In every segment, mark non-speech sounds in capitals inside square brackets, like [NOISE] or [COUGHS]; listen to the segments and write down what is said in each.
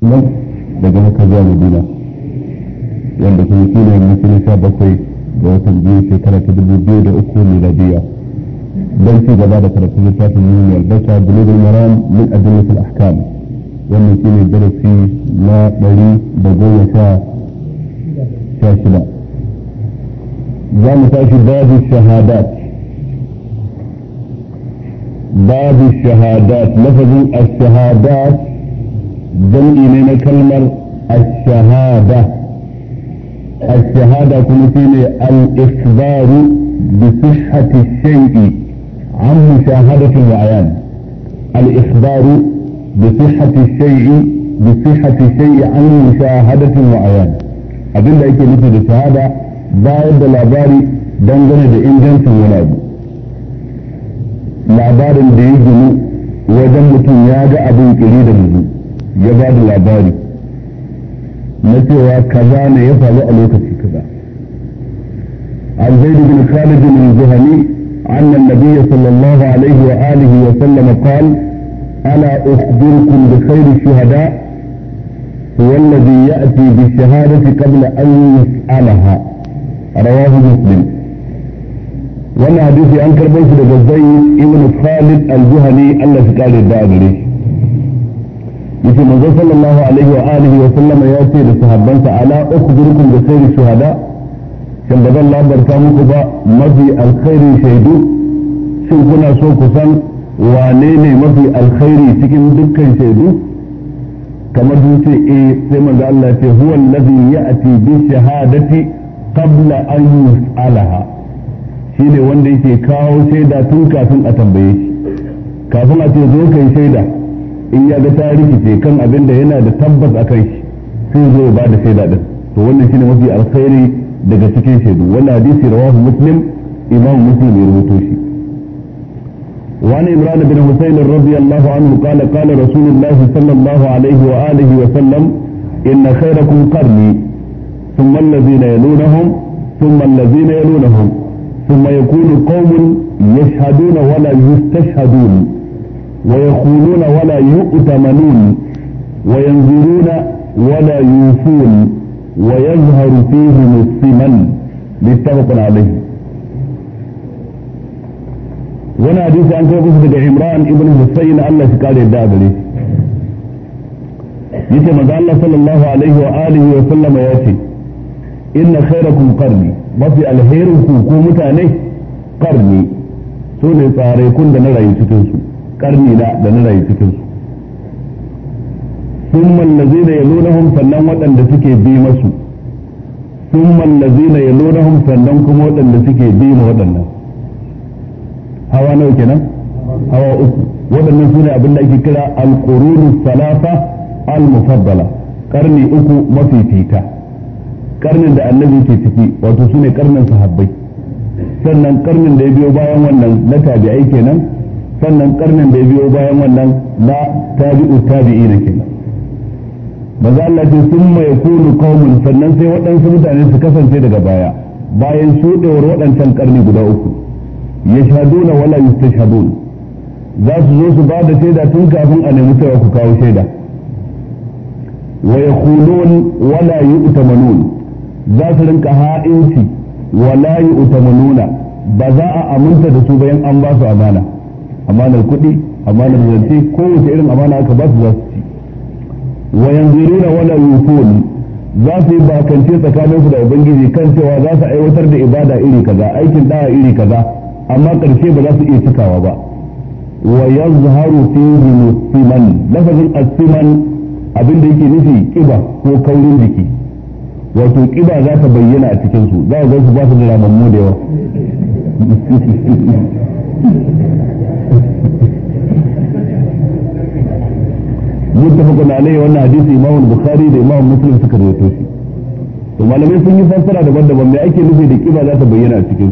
nan daga haka zuwa madina wanda kuma shi ne mutum sha bakwai da watan biyu shekara ta dubu biyu da uku miladiya don ci gaba da karatun littafin yin albasa bulugul maram min adillatul ahkam wannan shi ne darasi na ɗari da goma sha sha shida za mu tashi babu shahadat babu shahadat lafazin الشهادات jam'i ne na kalmar ash-shahada ash-shahada kuma shine al-ikhbaru bi sihhati shay'i an mushahadatin wa ayan al-ikhbaru bi sihhati shay'i bi sihhati shay'i an mushahadatin wa ayan abinda yake nufi da shahada ba da labari dangane da ingancin labarin da ya wajen mutum ya ga abin kiri da muzu ya ba da labari na cewa kaza ne عن زيد بن خالد kaza an عن النبي صلى الله عليه وآله وسلم قال ألا أخبركم بخير الشهداء هو الذي يأتي بالشهادة قبل أن يسألها رواه مسلم وانا حديث أنكر بيس لجزي بن خالد الجهني الذي قال الدابري yake manzo sallallahu alaihi wa alihi wa sallama ya ce da sahabbansa ala ukhbirukum bi khairi shuhada ba zan labarta muku ba mafi alkhairi shaidu shin kuna so ku san wane ne mafi alkhairi cikin dukkan shaidu kamar sun ce eh sai manzo Allah ce huwa allazi ya'ti bi shahadati qabla an yus'alaha shine wanda yake kawo shaida tun kafin a tambaye shi kafin a ce zo kai shaida in ya ga tarihi ce kan abin da yana da tabbas a kai sai zo ba da shaida din to wannan shine mafi alkhairi daga cikin shaidu wannan hadisi rawahu muslim imam muslim ya rubuto shi وعن عمران بن حسين رضي الله عنه قال قال رسول الله صلى الله عليه وآله وسلم إن خيركم قرني ثم الذين يلونهم ثم الذين يلونهم ثم يكون قوم يشهدون ولا يستشهدون ويقولون ولا يؤتمنون وينظرون ولا يوفون ويظهر فيهم الثمن متفق عليه وانا حديث عن كيف قصد عمران ابن حسين الله قال يداد لي يتما قال الله صلى الله عليه وآله وسلم ياتي إن خيركم قرني مفي الهير حكومتاني قرني سوني صاري كن دنرى يتكسو karni na da na rayu cikin sun mallazi na yalo na hun sannan waɗanda suke bi masu sun mallazi na yalo na hun sannan kuma waɗanda suke bi ma waɗannan hawa nawa kenan hawa uku waɗannan su ne abin da ake kira alƙurunu salafa al-mufaddala karni uku fita karnin da annabi ke ciki wato su ne karnin sahabbai sannan karnin da ya biyo bayan wannan na tabi'ai kenan sannan karnin da ya biyo bayan wannan na tabi'u tabi'i na kenan maza Allah ce sun mai kunu kaumun sannan sai waɗansu mutane su kasance daga baya bayan shuɗewar waɗancan karni guda uku ya shaduna wala yustashhadun za su zo su ba da shaida tun kafin a nemi cewa ku kawo shaida wa yakhulun wala yu'tamanun za su rinka ha'inci wala yu'tamanuna ba za a aminta da su bayan an ba su amana amanar kuɗi amanar zance kowace irin amana aka ba su za su ci wa yanzuruna wala yufun za su yi bakance tsakaninsu da ubangiji kan cewa za su aiwatar da ibada iri kaza aikin da'a iri kaza amma karshe ba za su iya cikawa ba wa yazharu fi siman lafazin asiman abin da yake nufi kiba ko kaurin jiki wato kiba za ta bayyana a cikin su za a ga su ba su da ramammu da yawa [LAUGHS] muttafaqun alayhi wannan hadisi Imam Bukhari da Imam Muslim suka rawaito shi to malamai sun yi fassara daban-daban me ake nufi da kiba za ta bayyana a cikin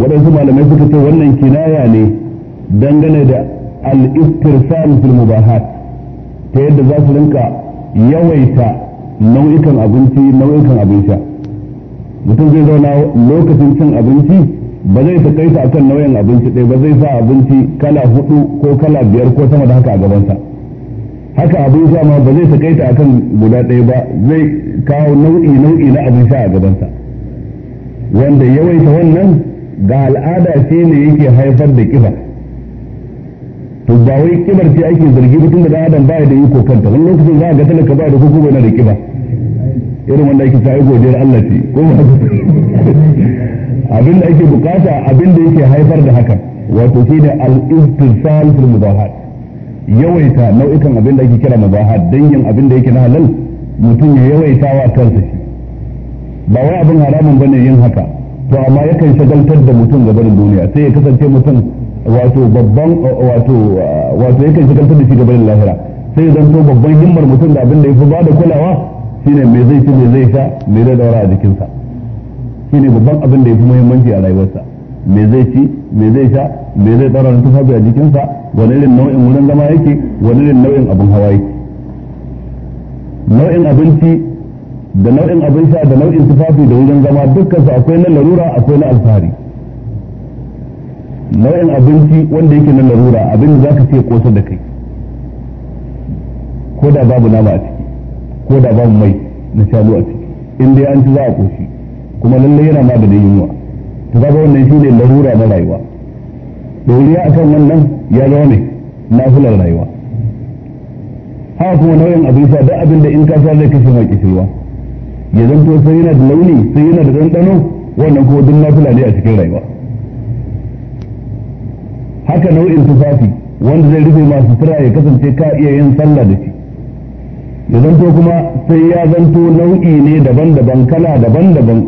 waɗansu malamai suka ce wannan kinaya ne dangane da al-istirsal fil mubahat ta yadda za su rinka yawaita nau'ikan abinci nau'ikan abin mutum zai zauna lokacin cin abinci ba zai takaita akan nauyin abinci ɗaya ba zai sa abinci kala hudu ko kala biyar ko sama da haka a gabansa haka abin sha ma ba zai a akan guda ɗaya ba zai kawo nau'i nau'i na abin sha a gabansa wanda yawaita wannan ga al'ada ce ne yake haifar da kiba to ba wai kibar ce ake zargi ba tunda dan adam baya da iko kanta wani lokacin za a ga talaka baya da ko kuma yana da kiba irin wanda ake ta godiyar Allah ce ko ba abin da ake bukata abin da yake haifar da hakan wato shine al-istisal fil mubahat yawaita nau'ikan abin da ake kira mubahat dangin abin da yake na halal mutum ya yawaita wa kansa shi ba wai abin haramun bane yin haka to amma yakan shagaltar da mutum gaban duniya sai ya kasance mutum wato babban wato wato yakan shagaltar da shi gaban lahira sai ya zanto babban himmar mutum da abin da yafi bada kulawa shine me zai ci me zai sha me zai daura a jikinsa ne babban abin da ya fi muhimmanci a rayuwarsa me zai ci me zai sha me zai tsara na tufafi a jikinsa wani irin nau'in wurin zama yake wani irin nau'in abin hawa yake nau'in abinci da nau'in abin sha da nau'in tufafi da wurin zama dukkansu akwai na larura akwai na alfahari nau'in abinci wanda yake na larura abin da zaka ce kosa da kai ko da babu nama a ciki ko da babu mai na shanu a ciki in dai an ci za a koshi kuma lallai yana ma da da yunwa to kaga wannan shine larura na rayuwa a akan wannan ya zama ne na nafilar rayuwa haka kuma nauyin abin sha duk abin da in ka sha zai kashe ma kishirwa ya zanto sai yana da launi sai yana da ɗanɗano wannan kuma duk nafila ne a cikin rayuwa haka nau'in tufafi wanda zai rufe masu tura ya kasance ka iya yin sallah da shi ya zanto kuma sai ya zanto nau'i ne daban-daban kala daban-daban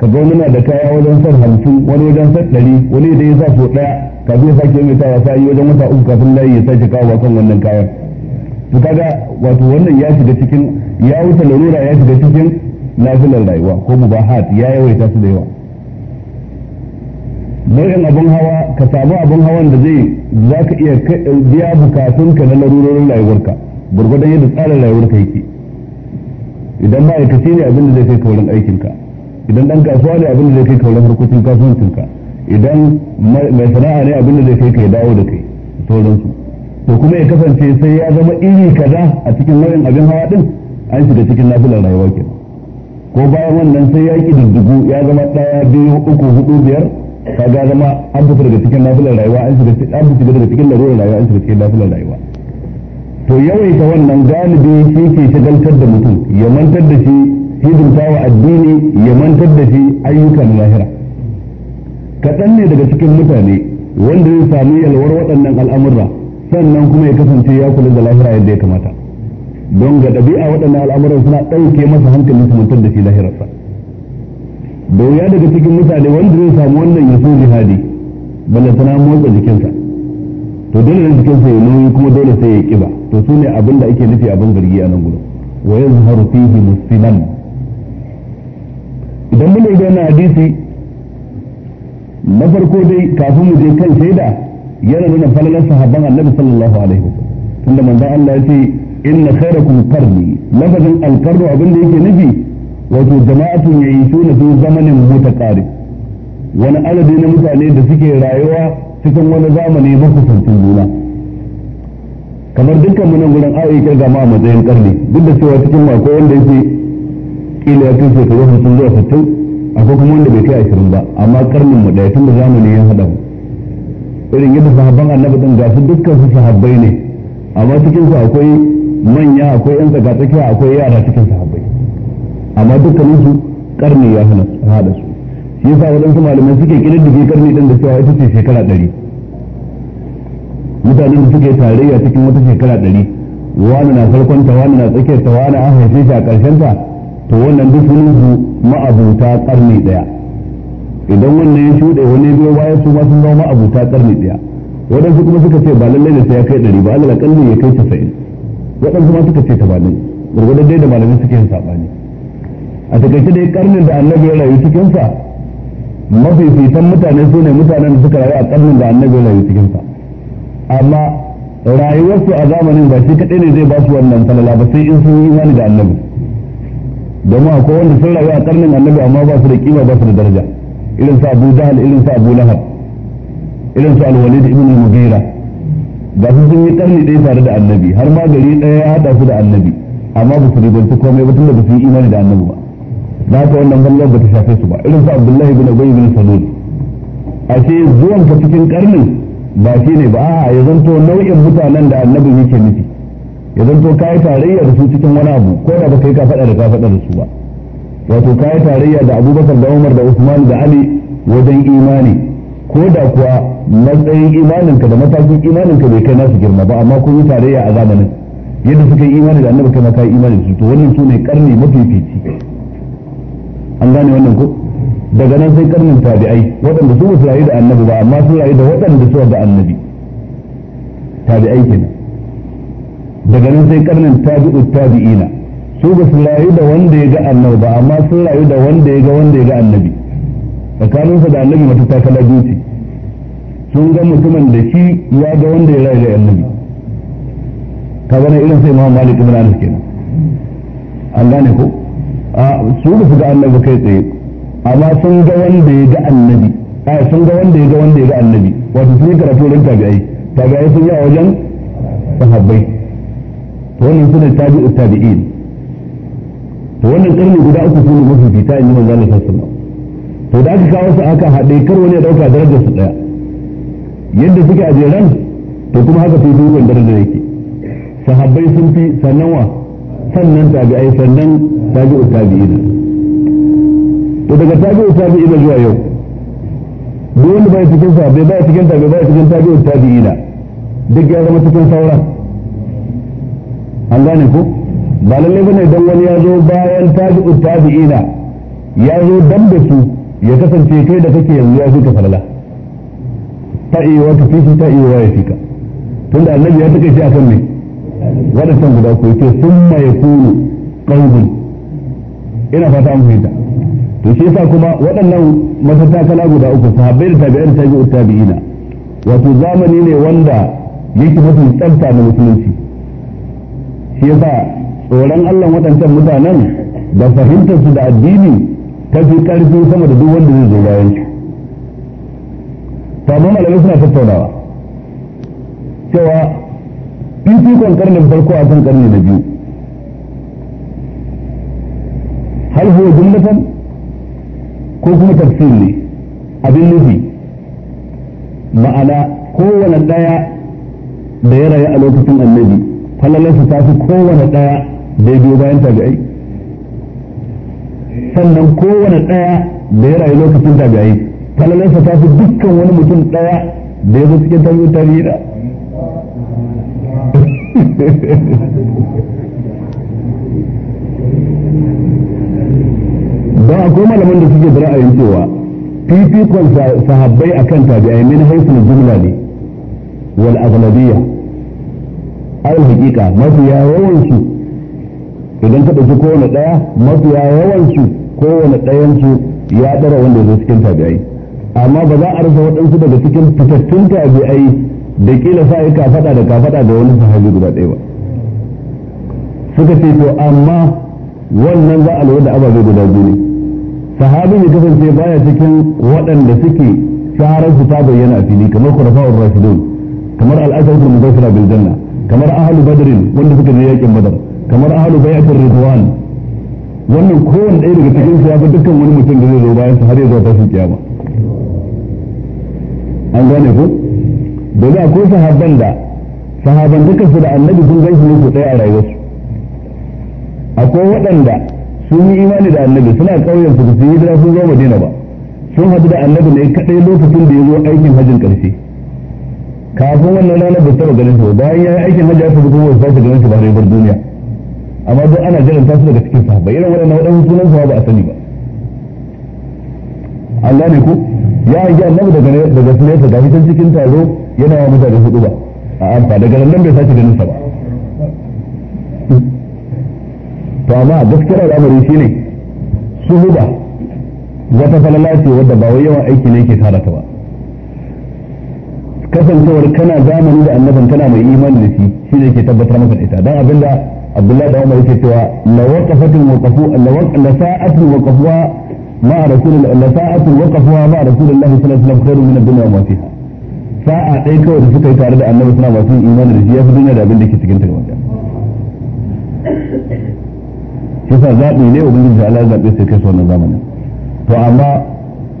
ka ga muna da kaya wajen san hamsin wani wajen san ɗari wani da ya sa so ɗaya ka sake mai sa yi wajen wata uku kafin layi ya sake kawo kan wannan kayan to kaga wato wannan ya shiga cikin ya wuce larura ya shiga cikin nafilar rayuwa ko hat ya yawaita su da yawa nau'in abin hawa ka samu abin hawan da zai za ka iya biya ka na larurorin rayuwarka gurgurdan yadda tsarin rayuwarka yake idan ba ya ne abin da zai kai ka wurin aikinka idan dan kasuwa ne abin da zai kai kauran harkokin kasuwancinka idan mai sana'a ne abin da zai kai kai dawo da kai sauransu to kuma ya kasance sai ya zama iri kaza a cikin nau'in abin hawa din an shiga cikin nafilar rayuwa kenan ko bayan wannan sai ya ki diddigu ya zama daya biyu uku hudu biyar kaga zama an fita daga cikin nafilar rayuwa an shiga an fita daga cikin larurar rayuwa an shiga cikin nafilar rayuwa to yawaita wannan galibi shi ke shagaltar da mutum ya mantar da shi hidimta wa addini ya mantar da shi ayyukan lahira kaɗan ne daga cikin mutane wanda zai sami yalwar waɗannan al'amurra sannan kuma ya kasance ya kula da lahira yadda ya kamata don ga ɗabi'a waɗannan al'amuran suna ɗauke masa hankalin mantar da shi lahirarsa da wuya daga cikin mutane wanda zai samu wannan ya so jihadi balantana motsa jikinsa to dole ne jikinsa ya nauyi kuma dole sai ya kiba to su ne abin ake nufi abin zargi a nan gudu wa yazharu fihi musliman dan mu da a hadisi na farko dai kafin mu je kan shaida yana nuna falalar sahabban annabi sallallahu alaihi wa sallam tunda manzon Allah ya ce inna khairakum qarni lafazin alqarnu abin da yake nufi wato jama'atun yayishuna fi zamanin mutaqari wani adadi na mutane da suke rayuwa cikin wani zamani makusantin juna kamar dukkan munan gurin ayi kirga ma matsayin karni duk da cewa cikin ko wanda yake kila ya kai shekaru hamsin zuwa sittin akwai kuma wanda bai kai ashirin ba amma karnin mu ɗaya tun da zamani ya haɗa mu irin yadda sahabban annabi din gasu su dukkan su sahabbai ne amma cikin su akwai manya akwai yan tsakatsakiya akwai yara cikin sahabbai amma dukkanin su karni ya haɗa su shi yasa waɗansu malamai suke kididdige karni din da cewa ita ce shekara ɗari mutanen da suke tarayya cikin wata shekara ɗari wani na farkonta wani na tsakiyarta wani an haife shi a ƙarshen ta to wannan duk sulhu ma'abuta karni daya idan wannan ya shuɗe wani biyo waye su ma sun zama ma'abuta karni daya waɗansu kuma suka ce ba lallai da sai ya kai ɗari ba allah kalli ya kai tasa'in waɗansu ma suka ce tamanin gurgurdan dai da malamai suke yin saɓani a takaice dai karnin da annabi ya rayu cikinsa fitan mutane su ne mutanen da suka rayu a karnin da annabi ya rayu cikinsa amma rayuwarsu a zamanin ba shi kaɗai ne zai ba su wannan falala ba sai in sun yi imani da annabi domin akwai wanda sun rayu a karnin annabi amma ba su da kima ba su da daraja irin su abu jahal irin su abu lahab irin su da ibn mughira ba su sun yi karni ɗaya tare da annabi har ma gari ɗaya ya haɗa su da annabi amma ba su ribanci komai ba tunda ba su yi imani da annabi ba da haka wannan ballar ba ta shafe su ba irin su abdullahi bin ubay bin salul ashe zuwan ka cikin karnin ba shi ne ba a ya zanto nau'in mutanen da annabi yake nufi ya zanto ka yi tarayya da su cikin wani abu ko da baka yi ka faɗa da ka faɗa da su ba wato ka tarayya da abubakar da umar da usman da ali wajen imani ko da kuwa matsayin imaninka da matakin imaninka bai kai nasu girma ba amma kun yi tarayya a zamanin yadda suka yi imani da annabi kai ma ka yi imani da su to wannan su ne karni mafifici an gane wannan ko daga nan sai karnin tabi'ai waɗanda su ba su rayu da annabi ba amma sun rayu da waɗanda su da annabi tabi'ai kenan daga nan sai karnin tabi'u tabi'ina su ba su rayu da wanda ya ga annabi ba amma sun rayu da wanda ya ga wanda ya ga annabi tsakaninsa da annabi mata ta kala ce sun ga mutumin da shi ya ga wanda ya rayu da annabi ka gane irin sai Muhammad Malik ibn Anas kenan an gane ko a su ba su ga annabi kai tsaye amma sun ga wanda ya ga annabi ai sun ga wanda ya ga wanda ya ga annabi wato sun yi karatu wurin tabi'ai tabi'ai sun yi a wajen sahabbai to wannan sune tabi'u tabi'in to wannan karni guda uku sune mafi fita in manzo Allah sallallahu to da aka kawo su aka haɗe kar wani ya dauka darajar su daya yadda suke a jeran to kuma haka fi dukkan darajar yake sahabbai sun fi sannan wa sannan tabi'ai sannan tabi'u tabi'in to daga tabi'u tabi'in zuwa yau duk wanda bai cikin sahabbai bai cikin tabi'ai bai cikin tabi'u tabi'in duk ya zama cikin sauran an gane ko ba lalle bane dan wani ya zo bayan tabi'u tabi'ina ya zo dan da su ya kasance kai da kake yanzu ya fika falala ta iya wata fifi ta iya waya fika tunda annabi ya take shi akan wanda wadannan guda ko yake summa kuru qawmun ina fata an fahimta to shi yasa kuma waɗannan kala guda uku sahabbai da tabi'in tabi'u tabi'ina wato zamani ne wanda yake mutum tsafta na musulunci shi yasa tsoron Allah waɗancan mutanen da fahimtar su da addini ta fi ƙarfi sama da duk wanda zai zo bayan shi sabon malamai suna tattaunawa cewa fifikon karnin farko a kan karni na biyu hal huwa jumlatan ko kuma tafsir ne abin nufi ma'ana kowane ɗaya da ya rayu a lokacin annabi falalarsa ta fi kowane ɗaya da ya biyo bayan tabi'ai sannan kowane ɗaya da ya rayu lokacin tabi'ai falalarsa ta fi dukkan wani mutum ɗaya da ya zo cikin tabi'ai tabi'ai [LAUGHS] don akwai malaman da suke da ra'ayin cewa fifikon sahabbai akan tabi'ai min haifin jumla ne wal aghlabiyya al masu mafiya idan ka ɗauki kowane ɗaya mafiya yawansu kowane ɗayansu ya ɗara wanda zai cikin tabi'ai amma ba za a rasa waɗansu daga cikin fitattun tabi'ai da kila sa yi kafaɗa da kafaɗa da wani sahabi guda ɗaya ba suka ce to amma wannan za a lura da ababe guda biyu ne sahabin ya kasance baya cikin waɗanda suke shahararsu ta bayyana a fili kamar kurafa'ur rashidun kamar al'asar mubashira bil janna kamar ahalu badrin wanda suka je yakin badar kamar ahalu bai'atul ridwan wannan kowanne ɗaya daga cikin su ya fi dukkan wani mutum da zai zo bayan su har ya zo tashin kiyama an gane ku domin ko sahabban da sahaban duka su da annabi sun gan shi ne su ɗaya a rayuwarsu akwai waɗanda sun yi imani da annabi suna ƙauyen su su yi hijira sun zo madina ba sun hadu da annabi ne kaɗai lokacin da ya zo aikin hajjin ƙarshe kafin wannan ranar bai taɓa ganin su bayan ya yi aikin hajji aka zuwa wasu sashi ganin su ba da bar duniya amma duk ana jiran tasu daga cikin sahabbai irin waɗannan wadannan sunan sa ba a sani ba Allah ne ko ya hangi annabi daga daga sunaysa gafi can cikin taro yana wa mutane hudu ba a amfa daga nan bai sashi ganin sa ba to amma gaskiyar al'amari shine huda wata falala ce wadda ba wai yawan aiki ne ke tara ta ba kasancewar kana zamani da annabin kana mai imani da shi shi ne ke tabbatar maka ita dan abinda abdullahi da umar yake cewa la waqafatun waqafu la waq la sa'atun waqafuha ma rasul la sa'atun waqafuha ma rasulullah sallallahu alaihi wasallam min ad-dunya wa fiha sa'a dai kawai da suka yi tare da annabi suna masu imani da shi ya fi duniya da abin da ke cikin ta gaba shi sa zaɓi ne ubangiji da Allah zaɓe sai kai su wannan zamanin to amma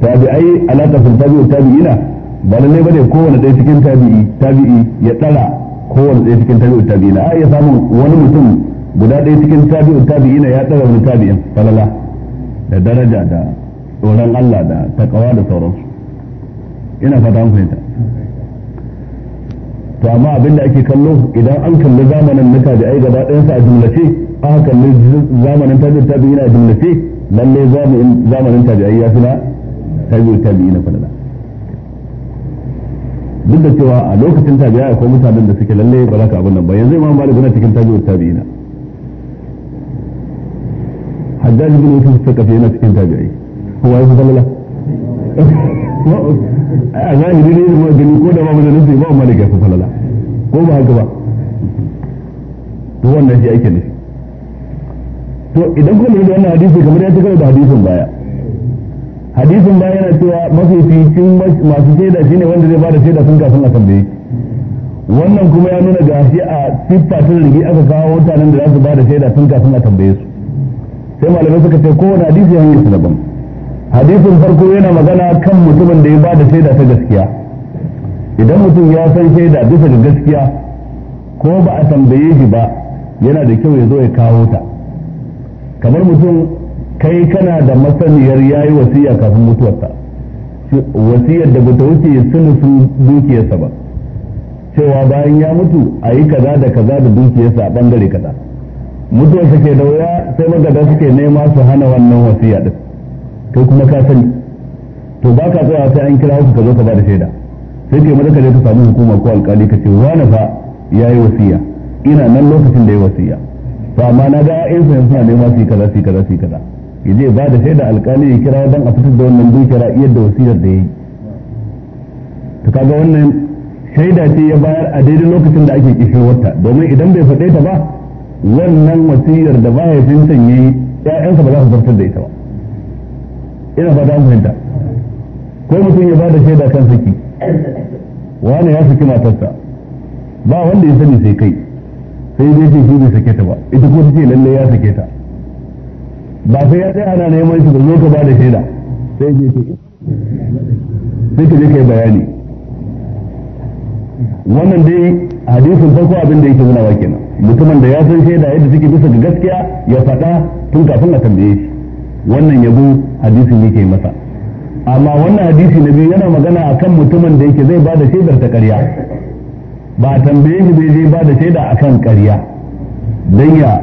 bi tabi'ai alaka sun tabi'u tabi'ina ba lalle bane kowane ɗaya cikin tabi'i tabi'i ya tsara kowane ɗaya cikin tabi'u tabi'i na a iya samun wani mutum guda ɗaya cikin tabi'u tabi'i na ya tsara wani tabi'in falala da daraja da tsoron Allah da takawa da sauransu ina fata an fahimta to amma abin da ake kallo idan an kalli zamanin na tabi'ai gaba ɗayansa a jumlace an kalli zamanin tabi'i tabi'i na a jumlace lallai zamanin tabi'ai ya fi na tabi'i tabi'i na falala duk da cewa a lokacin tabi'a akwai mutanen da suke lalle ba za ka abin nan ba yanzu imam malik yana cikin tabi'ut tabi'ina haddad bin yusuf sakafi yana cikin tabi'i kowa ya zalla a zahiri ne da gani ko da ba mu da ba imam malik ya fi ko ba haka ba to wannan shi ake ne to idan kuma da wannan hadisi kamar ya ci da hadisin baya hadisin ba yana cewa mafificin masu shaida ne wanda zai bada shaida sun kafin a tambaye wannan kuma ya nuna ga shi a siffa ta zargi aka kawo mutanen da za su da shaida sun kafin a tambaye su sai malamai suka ce kowane hadisi ya hanyar daban hadisin farko yana magana kan mutumin da ya bada shaida ta gaskiya idan mutum ya san shaida bisa ga gaskiya ko ba a tambaye shi ba yana da kyau ya zo ya kawo ta kamar mutum kai kana da masaniyar yayi wasiya kafin mutuwarsa wasiyar da bata wuce sunusun dukiyarsa ba cewa bayan ya mutu a yi kaza da kaza da dukiyarsa a bangare kaza mutuwarsa ke da wuya sai magada suke nema su hana wannan wasiya din kai kuma ka sani to ba ka tsaya sai an kira ku ka zo ka ba da shaida sai ke maza ka je ka samu hukuma ko alkali ka ce wani fa ya yi wasiya ina nan lokacin da ya wasiya to amma na ga 'yan suna nema su yi kaza su yi kaza su yi kaza ya je ba da shaida alkali ya kira don a fitar da wannan dukiya a iya da wasiyar da ya yi to kaga wannan shaida ce ya bayar a daidai lokacin da ake kishirwarta domin idan bai faɗe ta ba wannan wasiyar da mahaifin san ya yi ƴaƴansa ba za su zartar da ita ba ina fata an fahimta ko mutum ya bada shaida kan saki wani ya saki matarsa ba wanda ya sani sai kai sai dai ce shi bai sake ta ba ita ko ta ce lallai ya sake ta ba sai ya tsaya ana neman shi ba zo ka ba da shaida sai je ce sai ka je kai bayani wannan dai hadisin farko abin da yake nuna wa kenan mutumin da ya san shaida yadda suke bisa ga gaskiya ya faɗa tun kafin a tambaye shi wannan yabo hadisin yake masa amma wannan hadisi na biyu yana magana akan mutumin da yake zai ba da shaidar ta ƙarya ba tambaye shi bai zai ba da shaida akan ƙarya dan ya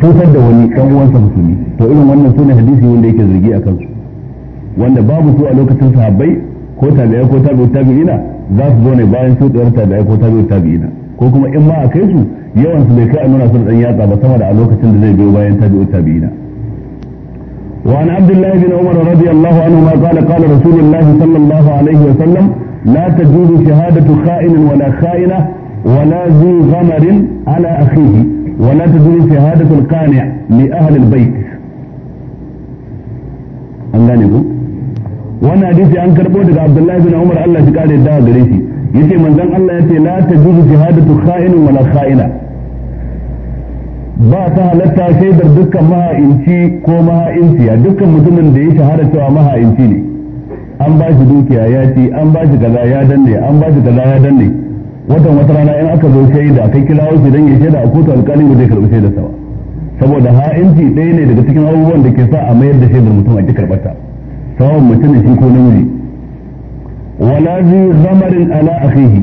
cutar da wani dan uwansa musulmi to irin wannan sune hadisi wanda yake zargi a kansu wanda babu su a lokacin sahabbai ko tabi'ai ko tabi'u tabi'ina za su zo ne bayan su tsayar tabi'ai ko tabi'u tabi'ina ko kuma in ma a kai su yawan su bai kai a nuna su da dan yatsa ba sama da a lokacin da zai biyo bayan tabi'u tabi'ina وعن عبد الله بن عمر رضي الله عنهما قال قال رسول الله صلى الله عليه وسلم لا تجوز شهادة خائن ولا خائنة ولا ذي غمر على ولا تدري شهادة القانع لأهل البيت an gane ku wannan hadisi an karbo daga Abdullahi bin Umar Allah shi kare da gare shi yace manzon Allah yace la tajuzu shahadatu kha'inin wala kha'ina ba ta halatta shaidar dukkan maha'inci ko maha'inci a dukkan mutumin da ya shahara cewa maha'inci ne an ba shi dukiya ya ci an ba shi kaza ya danne an ba shi kaza ya danne watan wata rana in aka zo shaida kai kilawo wasu dan ya shaida a kotu alƙali ba zai karɓi shaidar sa ba saboda ha'inci ɗaya ne daga cikin abubuwan da ke sa a mayar da shaidar mutum a ki karɓar ta sawan mutum ne shi ko namiji wala zi zamarin ala akhihi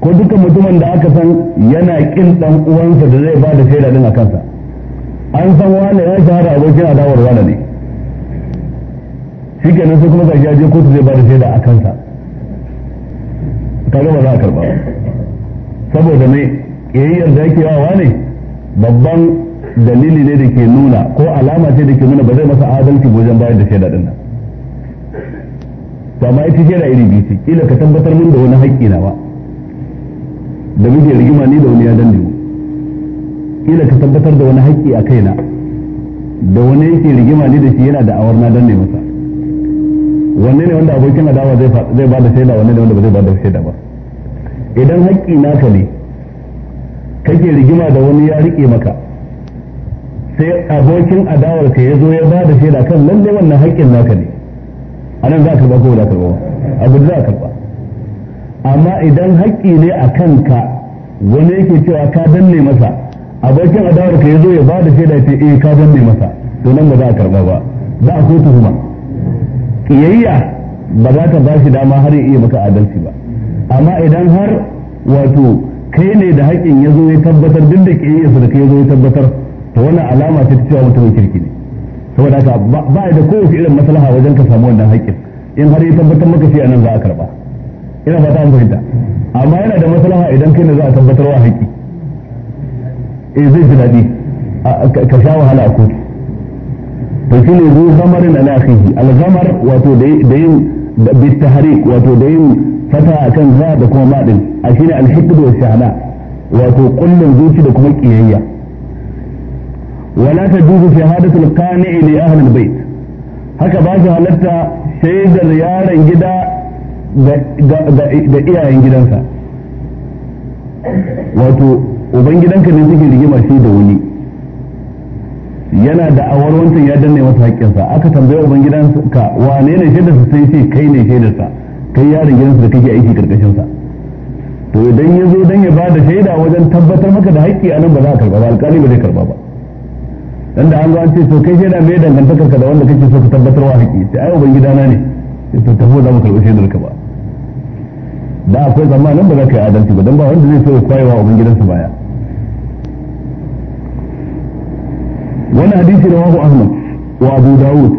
ko duka mutumin da aka san yana kin dan uwansa da zai bada shaida din a kansa an san wani ya shahara abokin adawar wani ne shi kenan sai kuma gashi ya je kotu zai bada shaida a kansa kaga ba za a karba ba saboda mai ƙiyayyar da yake yawa ne babban dalili ne da ke nuna ko alama ce da ke nuna ba zai masa adalci wajen bayan da shaida dinnan to amma ita shaida iri biyu ce kila ka tabbatar mun da wani haƙƙi na ba da muke rigima ni da wani ya danne mu kila ka tabbatar da wani haƙƙi a kaina da wani yake rigima ni da shi yana da awar na danne masa wanne ne wanda abokin adawa zai ba da shaida wanne ne wanda ba zai ba da shaida ba idan haƙƙi naka ne kake rigima da wani ya rike maka sai abokin adawar ka ya zo ya ba da shaida kan lalle wannan haƙƙin naka ne a nan za ka ba ko za ka ba abu da za ka ba amma idan haƙƙi ne a kanka wani yake cewa ka danne masa abokin adawar ka ya zo ya ba da shaida ce eh ka danne masa to nan ba za a karɓa ba za a ko tuhuma kiyayya ba za ta ba shi dama har ya iya maka adalci ba amma idan har wato kai ne da haƙin ya zo ya tabbatar duk da ƙiyayyarsa da kai ya zo ya tabbatar to wannan alama ce ta cewa mutumin kirki ne saboda haka ba a da kowace irin maslaha wajen ka samu wannan haƙin in har ya tabbatar maka a nan za a karba ina fata an fahimta amma yana da maslaha idan kai ne za a tabbatar wa haƙi eh zai ji daɗi ka sha wahala a kotu to shi ne zuwa zamarin alaƙihi alzamar wato da yin da bitahari wato da yin fata kan za da kuma maɗin a shi ne hiqd wa shahada wato kullun zuci da kuma ƙiyayya wala tajuzu shahadatu al-qani'i li ahli al bai? haka ba shi halatta shaidar yaron gida da iyayen gidansa wato ubangidanka gidanka ne suke rigima shi da wani yana da awar wancan ya danne masa haƙƙinsa aka tambaye uban gidanka wane ne shaidarsa sai ce kai ne shaidarsa kai yaron gidansa da kake aiki karkashin sa to idan ya zo dan ya ba da shaida wajen tabbatar maka da haƙƙi a nan ba za a karba ba alƙali ba zai karba ba dan da an zo an ce to kai shaida mai dangantakar ka da wanda kake so ka tabbatar wa haƙƙi sai ai uban gidana ne to tafi za mu karɓi shaidar ka ba da akwai nan ba za ka yi adalci ba dan ba wanda zai so ya wa uban gidansa baya Wani hadisi wahu ahmad wa abu dawud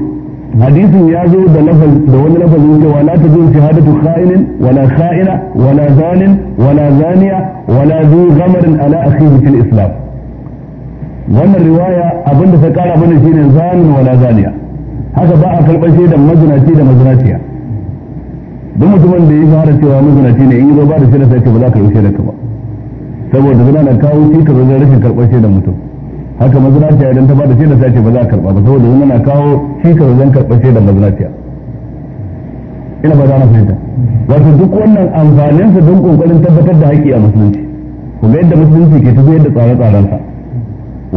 hadisin ya zo da lafaz da wani wala ta la tajin shahadatu kha'inin wala kha'ina wala zalin wala zaniya wala zu ghamarin ala akhihi fil islam wannan riwaya abinda ta kara mana shine zanin wala zaniya haka ba a karɓar da mazinaci da mazinaciya duk mutumin da ya fara cewa mazinaci ne in yi ba da shaidar sai ba za ka yi da ka ba saboda zina na kawo cikas wajen rashin karɓar shaidan mutum haka mazinaciya idan ta bada shaida sai ba za a karba ba saboda zina na kawo shi ka zan karɓar shaidar mazinaciya ina ba za na fahimta wato duk wannan amfanin sa don kokarin tabbatar da haƙƙi a musulunci ga yadda musulunci ke tafi yadda tsare sa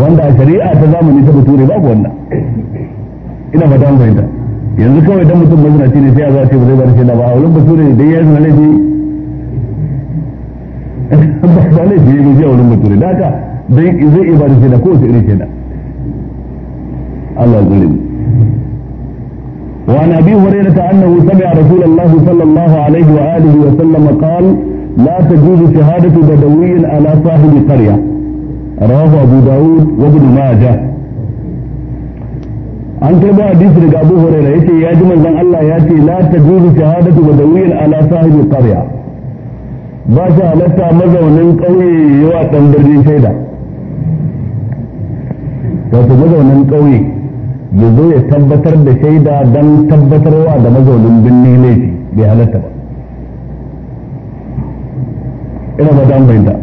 wanda a shari'a ta zamani ta bature babu wannan ina ba ta fahimta yanzu kawai dan mutum mazinaci ne sai a za a ce ba zai ba da shaida ba a wurin bature dai ya zama laifi [LAUGHS] ba laifi ne ba a wurin bature da haka dan zai iya bada shaida ko wace irin shaida Allah zulmi وعن أبي هريرة أنه سمع رسول الله صلى الله عليه وآله وسلم قال لا تجوز شهادة بدوي على صاحب قرية رواه أبو داود وابن ماجة an karbo hadisi daga Abu Hurairah yace ya ji manzon Allah ya ce la tajuzu shahadatu badawiyyin ala sahibi qarya ba shi halarta mazaunin ƙauye yawa birnin wato mazaunin ƙauye ya zo ya tabbatar da shaida don tabbatarwa da mazaunin birni laifi bai halatta ba ina ba dan bayyana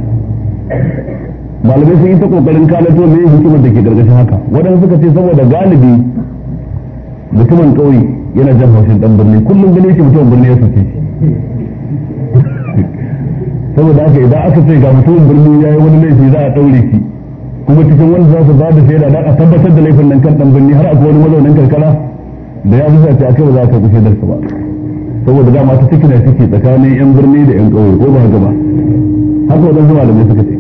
malamai sun yi ta kokarin kalato me hukumar da ke gargashin haka waɗanda suka ce saboda galibi mutumin ƙauye yana jan haushin dan birni kullum gane shi mutumin birni ya soke saboda haka idan aka ce ga mutumin birni ya yi wani laifi za a ɗaure shi kuma cikin wanda za su ba da shaida da a tabbatar da laifin nan kan dan birni har akwai wani mazaunin karkara da ya zuwa ta kai ba za ka kushe da ba saboda dama ta ciki na ciki tsakanin yan birni da yan ƙauye ko ba haka ba haka wadansu malamai suka ce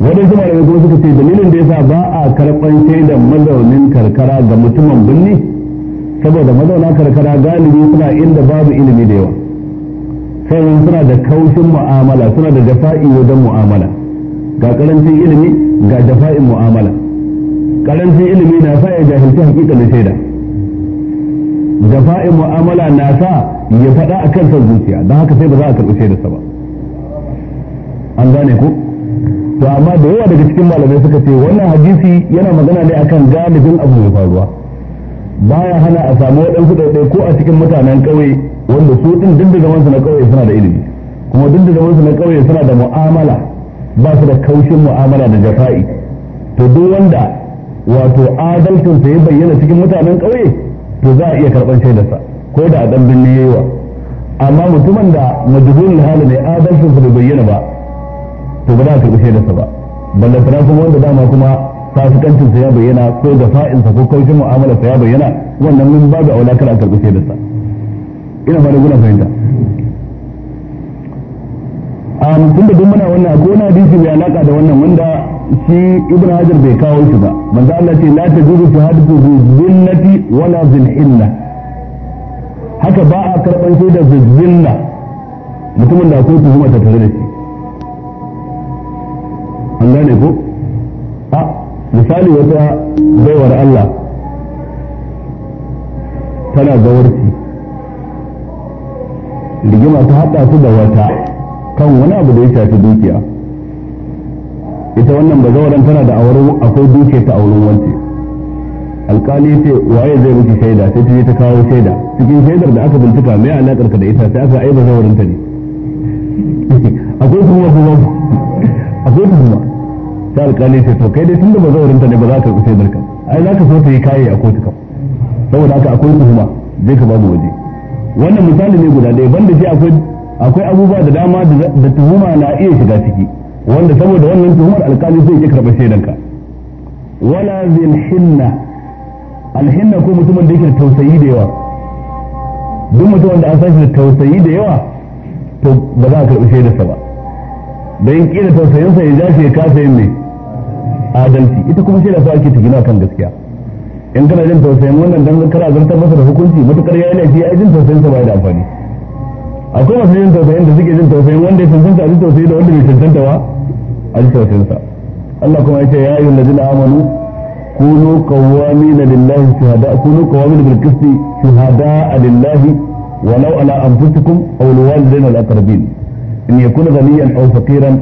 wadansu malamai kuma suka ce dalilin da yasa ba a karɓan shaidan mazaunin karkara ga mutumin birni saboda mazauna karkara galibi suna inda babu ilimi da yawa sannan suna da kaushin mu'amala suna da jafa'i wajen mu'amala ga karancin ilimi ga dafa'in mu'amala karancin ilimi na sa ya jahilci hakikalin shaida dafa'in mu'amala na sa ya faɗa a kan son zuciya don haka sai ba za a karɓi sa ba an gane ku to amma da yawa daga cikin malamai suka ce wannan hadisi yana magana ne akan galibin abu mai faruwa baya hana a samu waɗansu ɗaiɗai ko a cikin mutanen ƙauye wanda su ɗin duk da na ƙauye suna da ilimi kuma duk da zamansu na ƙauye suna da mu'amala ba su da kaushin mu'amala da jafa'i to duk wanda wato adalcin sa ya bayyana cikin mutanen ƙauye to za a iya karɓar shaidarsa ko da a ɗan binne yayiwa amma mutumin da majhul hali ne adalcin sa bai bayyana ba to ba za a karɓi shaidarsa ba ballantana kuma wanda dama kuma fasikancin sa ya bayyana ko fa'in sa ko kaushin mu'amala sa ya bayyana wannan mun babu aula kar a karɓi shaidarsa ina fara guna fahimta um tunda duk muna wannan akwai wani hadisi mai alaka da wannan wanda shi ibn hajar bai kawo shi ba manzo Allah ce la fi shahadatu bi zinnati wala zilhilla haka ba a karban shi da zilhilla mutumin da akwai tuhuma ta tare da shi an gane ko a misali wata baiwar Allah tana gawarci rigima ta hada su da wata kan wani abu da ya shafi dukiya ita wannan bazawaran tana da awar akwai dukiya ta auren wance alkali ce waye zai miki shaida sai ta je ta kawo shaida cikin shaidar da aka bincika mai alakar ka da ita sai aka aiba bazawaran ta ne [LAUGHS] akwai kuma kuma akwai kuma ta alkali ce to kai dai tunda bazawaran ta ne ba za ka kusa barka ai za ka so ta yi kaye a kotu kam saboda haka akwai kuma zai ka babu waje wannan misali ne guda ɗaya banda shi akwai akwai abubuwa da dama da tuhuma na iya shiga ciki wanda saboda wannan tuhumar alkali zai iya karɓar shaidanka wala zil hinna alhinna ko mutumin da yake da tausayi da yawa duk mutumin da an san shi da tausayi da yawa to ba za a karɓi shaidarsa ba dan kira tausayinsa ya ja shi ya kasa yin mai adalci ita kuma shaida sa ake tugina kan gaskiya in kana jin tausayin wannan dan kana zartar masa da hukunci matukar yi laifi ai jin tausayin sa ba da amfani akwai masu yin tausayin da suke jin tausayin wanda ya cancanta a ji tausayi da wanda bai cancanta ba a ji tausayinsa Allah kuma ya ce ya ayyuhal ladina amanu kunu qawwamina lillahi shuhada kunu qawwamina bil qisti shuhada lillahi walau ala anfusikum aw lilwalidayn wal aqrabin in yakuna ghaniyan aw faqiran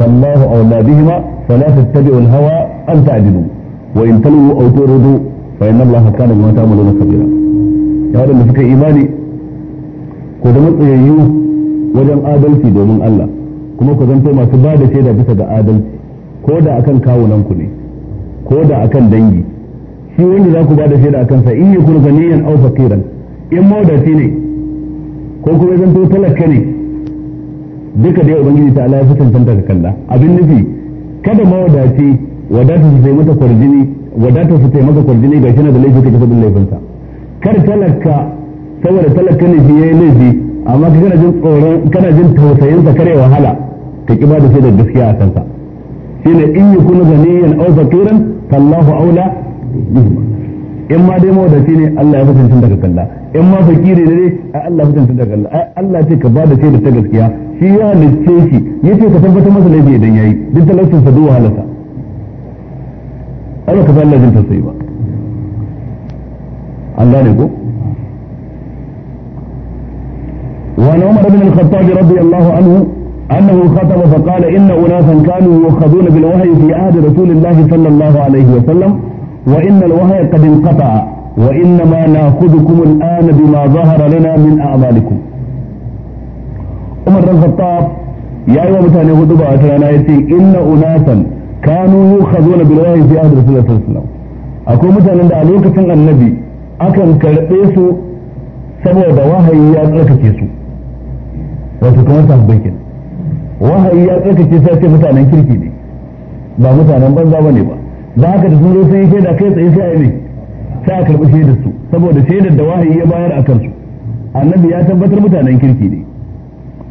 فالله أولى بهما فلا تتبعوا الهوى أن تعدلوا وإن تلووا أو تعرضوا فإن الله كان بما تعملون خبيرا. يا رب فكر إيماني ku zama tsayayyu wajen adalci domin Allah kuma ku zanto masu ba da shaida bisa ga adalci ko da akan kawunan ku ne ko da akan dangi shi wanda za ku ba da shaida akan sa in yakun ganiyan aw fakiran in mawdaci ne ko kuma zanto talaka ne duka dai ubangiji ta Allah ya fitan cancanta ka kalla abin nufi kada mawadaci wadata su sai mata kwarjini wadata su sai maka kwarjini shi na da laifi kake fadin laifinsa kar talaka saboda talaka ne shi yayi laifi amma kana jin tsoron kana jin tausayin sa kare wahala ka ki da sai da gaskiya a kansa ne in yakunu ganiyan aw fakiran fallahu aula in ma dai shi ne Allah ya mutunta daga kalla in ma fakiri ne ai Allah ya mutunta daga kalla ai Allah ce ka bada sai da ta gaskiya shi ya halicce shi yace ka tabbatar masa laifi idan yayi duk talaucin sa duwa halasa Allah ka ba Allah jin tausayi ba Allah ne ko وعن عمر بن الخطاب رضي الله عنه أنه خطب فقال إن أناسا كانوا يؤخذون بالوحي في عهد رسول الله صلى الله عليه وسلم وإن الوحي قد انقطع وإنما نأخذكم الآن بما ظهر لنا من أعمالكم عمر بن الخطاب يا أيها متاني خطبة أتانا إن أناسا كانوا يؤخذون بالوحي في عهد رسول الله صلى الله عليه وسلم أقول مثلا على لوكة النبي أكن كرئيسو سبب وهي يا wato kamar sahabbai kenan wahayi ya tsarkake sai ce mutanen kirki ne ba mutanen banza ba ne ba za ka da sun zo sun yi shaida kai tsaye sai a yi sai a karɓi shaidar su saboda shaidar da wahayi ya bayar a kansu annabi ya tabbatar mutanen kirki ne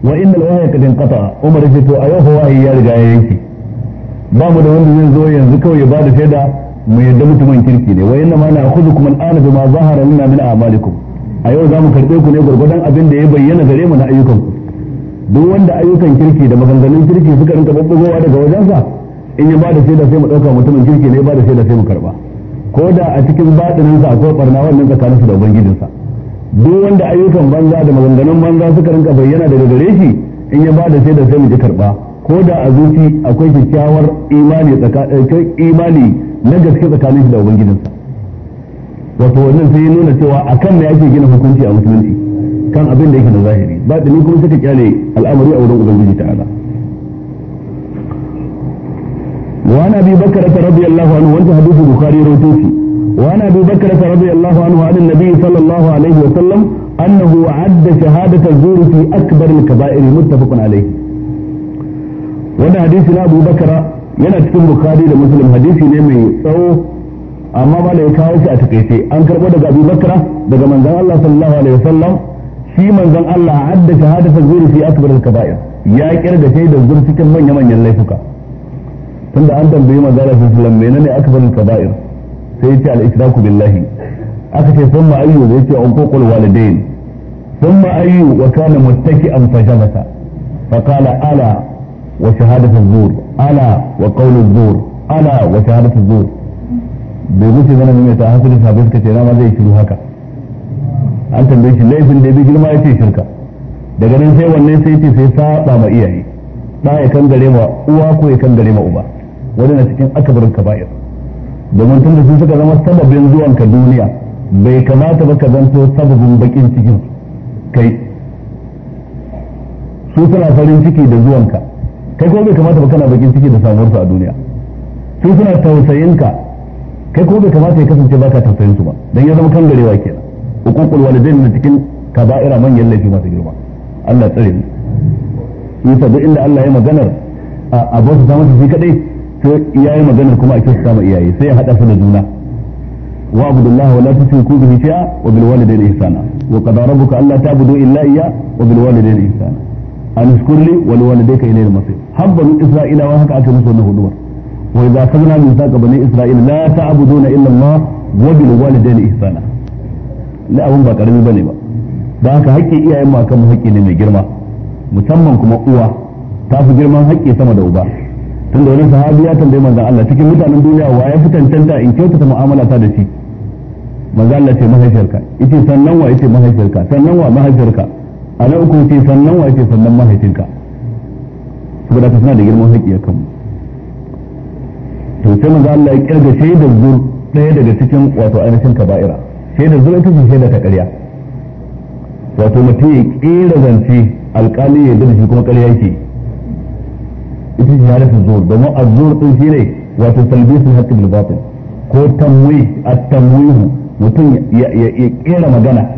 wa inna al qad inqata umar ce to a yau fa wahayi ya riga ya yanke ba mu da wanda zai zo yanzu kawai ya bada shaida mu yadda mutumin kirki ne wa inna ma na'khudhukum al-ana bima zahara minna min a'malikum a yau za mu karɓe ku ne gwargwadon abin da ya bayyana gare mu na ayyukan ku. duk wanda ayyukan kirki da maganganun kirki suka rinka babbugowa daga wajensa in ya bada shaida sai mu dauka mutumin kirki ne ba bada shaida sai mu karba ko da a cikin batininsa akwai barna wannan tsakaninsa da ubangijinsa duk wanda ayyukan banza da maganganun banza suka rinka bayyana daga gare shi in ya bada shaida sai mu ji karba ko da a zuci akwai kyakkyawar imani tsakanin eh, imani na gaske tsakanin shi da ubangijinsa wato wannan sai ya nuna cewa akan me ake gina hukunci a musulunci kan abin da yake na zahiri ba da ni kuma suka kyale al'amari a wurin ubangiji ta'ala وعن ابي بكر رضي الله عنه وانت حديث البخاري روتوسي وعن ابي بكر رضي الله عنه عن النبي صلى الله عليه وسلم انه عد شهاده fi في اكبر الكبائر متفق عليه. وانا hadisi na Abubakar yana cikin bukhari da muslim hadisi ne mai tsawo amma ba da ya kawo shi a takaice an karbo daga Abubakar daga manzon Allah sallallahu alaihi sallam. shi manzon Allah adda shahadatu zuri fi akbar al-kaba'ir ya kirga da zuri cikin manya manyan laifuka tunda an tambayi manzon Allah sallallahu alaihi wasallam menene akbar al-kaba'ir sai yace al billahi aka ce thumma ayyu zai ce uququl walidain thumma ayyu wa kana muttaki'an fa jabata fa qala ala wa shahadatu zuri ala wa qawlu zuri ala wa shahadatu zuri bai wuce zana mai ta hasali sabai suka ce nama zai shiru haka an tambaye shi laifin da ya bi girma ya ce shirka daga nan sai wannan sai ce sai saba ma iyaye da ya kan gare ma uwa ko ya kan gare ma uba wani na cikin akabarin kaba'ir domin tunda sun suka zama sababin zuwan ka duniya bai kamata ba ka zanto sababin bakin cikin kai su suna farin ciki da zuwanka kai ko bai kamata ba kana bakin ciki da samuwar su a duniya su suna tausayin ka kai ko bai kamata ya kasance baka tausayin su ba dan ya zama kan garewa kenan hukukul walidain na cikin kaba'ira manyan laifi masu girma Allah tsare mu yasa duk inda Allah ya maganar a ba su samu shi kadai to iyaye maganar kuma a kisa ma iyaye sai ya hada su da juna wa abudullahi wa la tushriku bihi shay'a wa bil walidayni ihsana wa qad rabbuka alla ta'budu illa iyya wa bil walidayni ihsana an shkur li wa li walidayka ilayhi al-masir habbaru isra'ila wa haka aka musu wannan hudubar wa idza akhadna min saqa bani isra'ila la ta'buduna illa Allah wa bil walidayni ihsana na abin ba karami bane ba don haka haƙƙin iyayen mu akan mu ne mai girma musamman kuma uwa ta fi girman haƙƙi sama da uba tun da wani sahabi ya tambayi manzon Allah cikin mutanen duniya wa ya fi cancanta in kyautata mu'amala ta da shi manzon Allah ce mahaifiyarka yace sannan wa yace mahaifiyarka sannan wa mahaifiyarka a nan uku ce sannan wa yace sannan mahaifinka saboda ka suna da girman haƙi akan mu to sai manzon Allah ya kirga shaidar zur daya daga cikin wato ainihin kaba'ira shaida zuwa ita ce shaida ta ƙarya wato mutum ya ƙera zance alƙali ya da shi kuma ƙarya yake ita ce shahadatul zuwa domin zuwa din shi ne wato talbisul haƙƙin bil batil ko tamwih at-tamwih mutum ya ƙera magana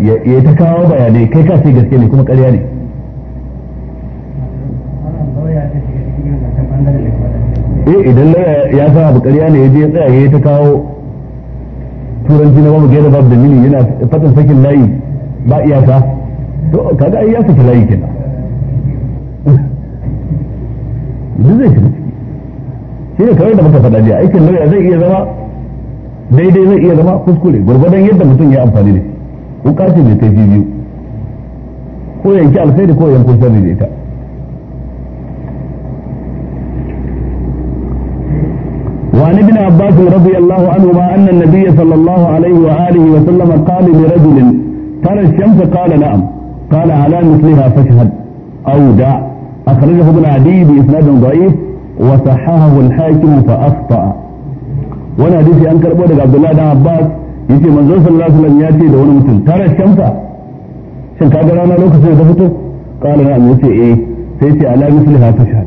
ya ta kawo bayanai kai ka ce gaske ne kuma ƙarya ne eh idan ya sa abu ƙarya ne ya je ya tsaya ya ta kawo turanci na babu gaira babu dalili yana fatan sakin layi ba iyaka to kaga ai ya saki layi kenan duk zai shiga shi ne kawai da muka faɗa jiya aikin lauya zai iya zama daidai zai iya zama kuskure gwargwadon yadda mutum ya amfani da shi ko kashi mai kai biyu ko yanki alkhairi ko yankin sharri da ita وعن ابن عباس رضي الله عنهما أن النبي صلى الله عليه وآله وسلم قال لرجل ترى الشمس قال نعم قال على مثلها فاشهد أو دع أخرجه ابن عدي بإسناد ضعيف وصححه الحاكم فأخطأ وانا حديثي أنكر بودك عبد الله بن عباس yace manzo sallallahu alaihi wasallam ya ce da wani mutum tara shamsa shin ka ga rana lokacin da ta fito qala na'am yace eh sai ce ala misliha tashhad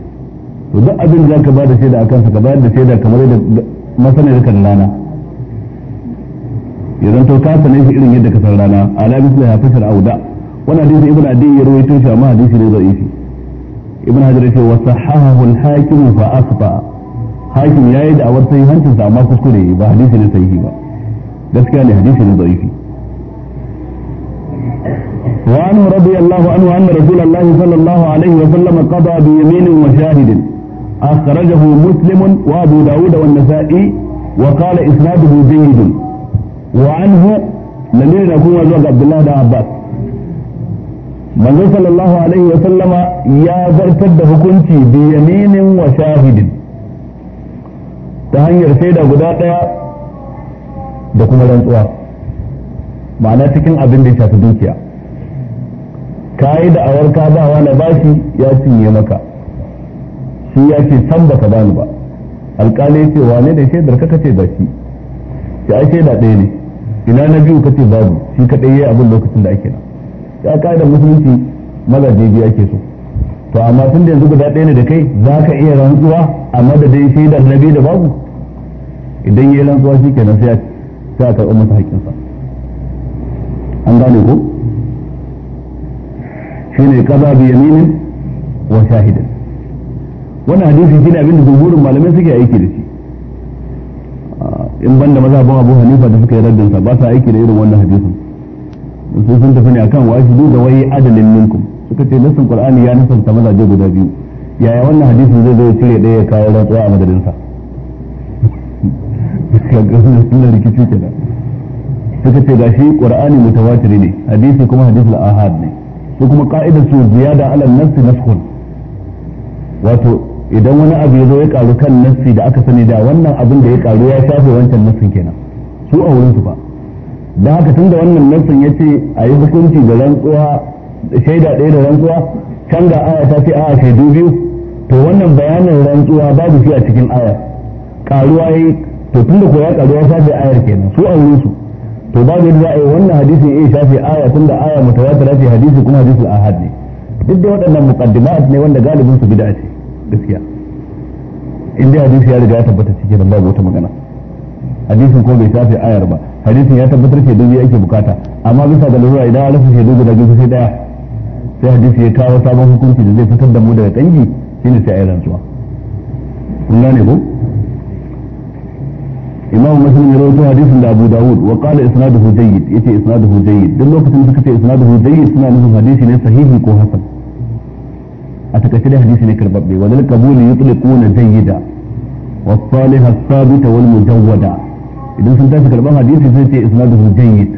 to duk abin da zaka bada shaida akan sa ka bayar da shaida kamar yadda masanin kan rana ya zanto ka sanin shi irin yadda ka san rana ala misli hafishar auda wannan hadisi ibn adi ya rawaito shi amma hadisi ne da'ifi ibn hajar ya ce wa sahahahu al-hakim fa asfa hakim yayi da awar sai hancin sa amma kuskure ba hadisi ne sahihi ba gaskiya ne hadisi ne da'ifi وعنه رضي الله عنه أن رسول الله صلى الله عليه وسلم قضى بيمين وشاهد أخرجه مسلم وأبو داود والنسائي وقال إسناده جيد وعنه لم يكون وزوج عبد الله بن عباس manzo sallallahu alaihi wa sallama ya zartar da hukunci bi yamini wa shahidin ta hanyar shaida guda ɗaya da kuma rantsuwa ma'ana cikin abin da ya shafi dukiya ka yi da awar ka ba wani bashi ya cinye maka shi ya ce san baka bani ba alkali ce wane da shaidar ka kace ba shi shi ai shaida ɗaya ne ina na biyu kace babu shi kadai ɗaya abin lokacin da ake na ya kaida musulunci mazaje biyu ake so to amma tun da yanzu guda ɗaya ne da kai za ka iya rantsuwa a madadin shaidar na biyu da babu idan yi rantsuwa shi kenan sai sai a karɓi masa haƙƙinsa an gane ko shine kaza biyaminin wa shahidin wannan hadisi shine abin da jumhurin malamai suke aiki da shi ah, in banda mazhabin Abu Hanifa da suka yi raddin sa ba sa aiki da irin wannan hadisin su sun tafi ne akan wajibu da wai adalin minkum suka ce nassin Qur'ani ya nasanta mazaje guda biyu yaya wannan hadisin zai zo cire daya ya kawo rantsuwa a madadin sa kaga rikici kenan suka ce gashi Qur'ani mutawatir ne hadisi kuma hadisul ahad ne su kuma ka'idar su ziyada ala nafsi nafhun wato idan wani abu ya zo ya karu kan nassi da aka sani da wannan abin da ya karu ya shafe wancan nassin kenan su a wurin su fa da haka tunda wannan nassin ya ce a yi hukunci da rantsuwa shaida ɗaya da rantsuwa can ga aya ta ce aya shaidu biyu to wannan bayanin rantsuwa babu shi a cikin aya karuwa yi to tunda ko ya karuwa shafe ayar kenan su a wurin su to babu yadda za a yi wannan hadisin ya shafe aya tunda aya mutawatira ce hadisi kuma hadisul a ne duk da waɗannan muqaddimat ne wanda galibin su bid'a ce gaskiya in dai hadisi ya riga ya tabbata cike nan babu wata magana hadisin ko bai shafe ayar ba hadisin ya tabbatar shaidu biyu ake bukata amma bisa ga lura idan an rasa shaidu guda biyu sai daya sai hadisi ya kawo sabon hukunci da zai fitar da mu daga kangi shine sai ayar rantsuwa kun gane ko imam muslim ya rawaito hadisin da abu dawud wa qala isnaduhu jayyid yace isnaduhu jayyid duk lokacin da suka ce isnaduhu jayyid suna nufin hadisi ne sahihi ko hasan a takaice da hadisi ne karbabbe wa lil qabuli yutliquna jayyida wa salihah sabita wal mujawwada idan sun tashi karban hadisi sai ce isnaduhu jayyid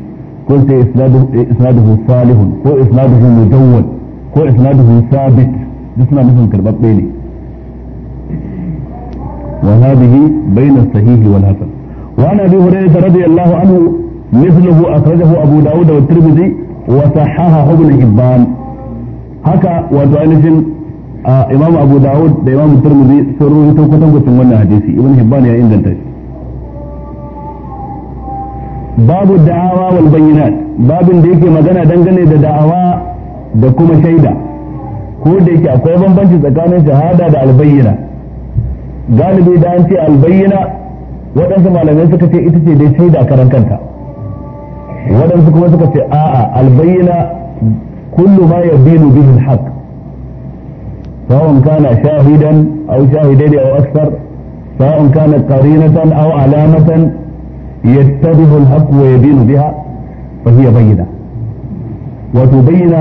ko sai eh, isnaduhu salihun ko isnaduhu mujawwad ko isnaduhu sabit duk suna nufin karbabbe ne wa hadhihi sahihi wa ana bi مثله أخرجه أبو داود والترمذي وصححه ابن حبان haka wato ainihin imamu abu dawud da imamu turmuzi sun rawaito kwatankwacin wannan hadisi ibn hibban ya inganta shi babu da'awa wal bayyinat babin da yake magana dangane da da'awa da kuma shaida ko da yake akwai bambanci tsakanin shahada da albayyana galibi da an ce albayyana waɗansu malamai suka ce ita ce dai shaida karan kanta waɗansu kuma suka ce a'a albayyana kullu ma yabinu bihi alhaq سواء كان شاهدا أو شاهدين أو أكثر سواء كانت قرينة أو علامة يتضح الحق ويبين بها فهي بينة وتبين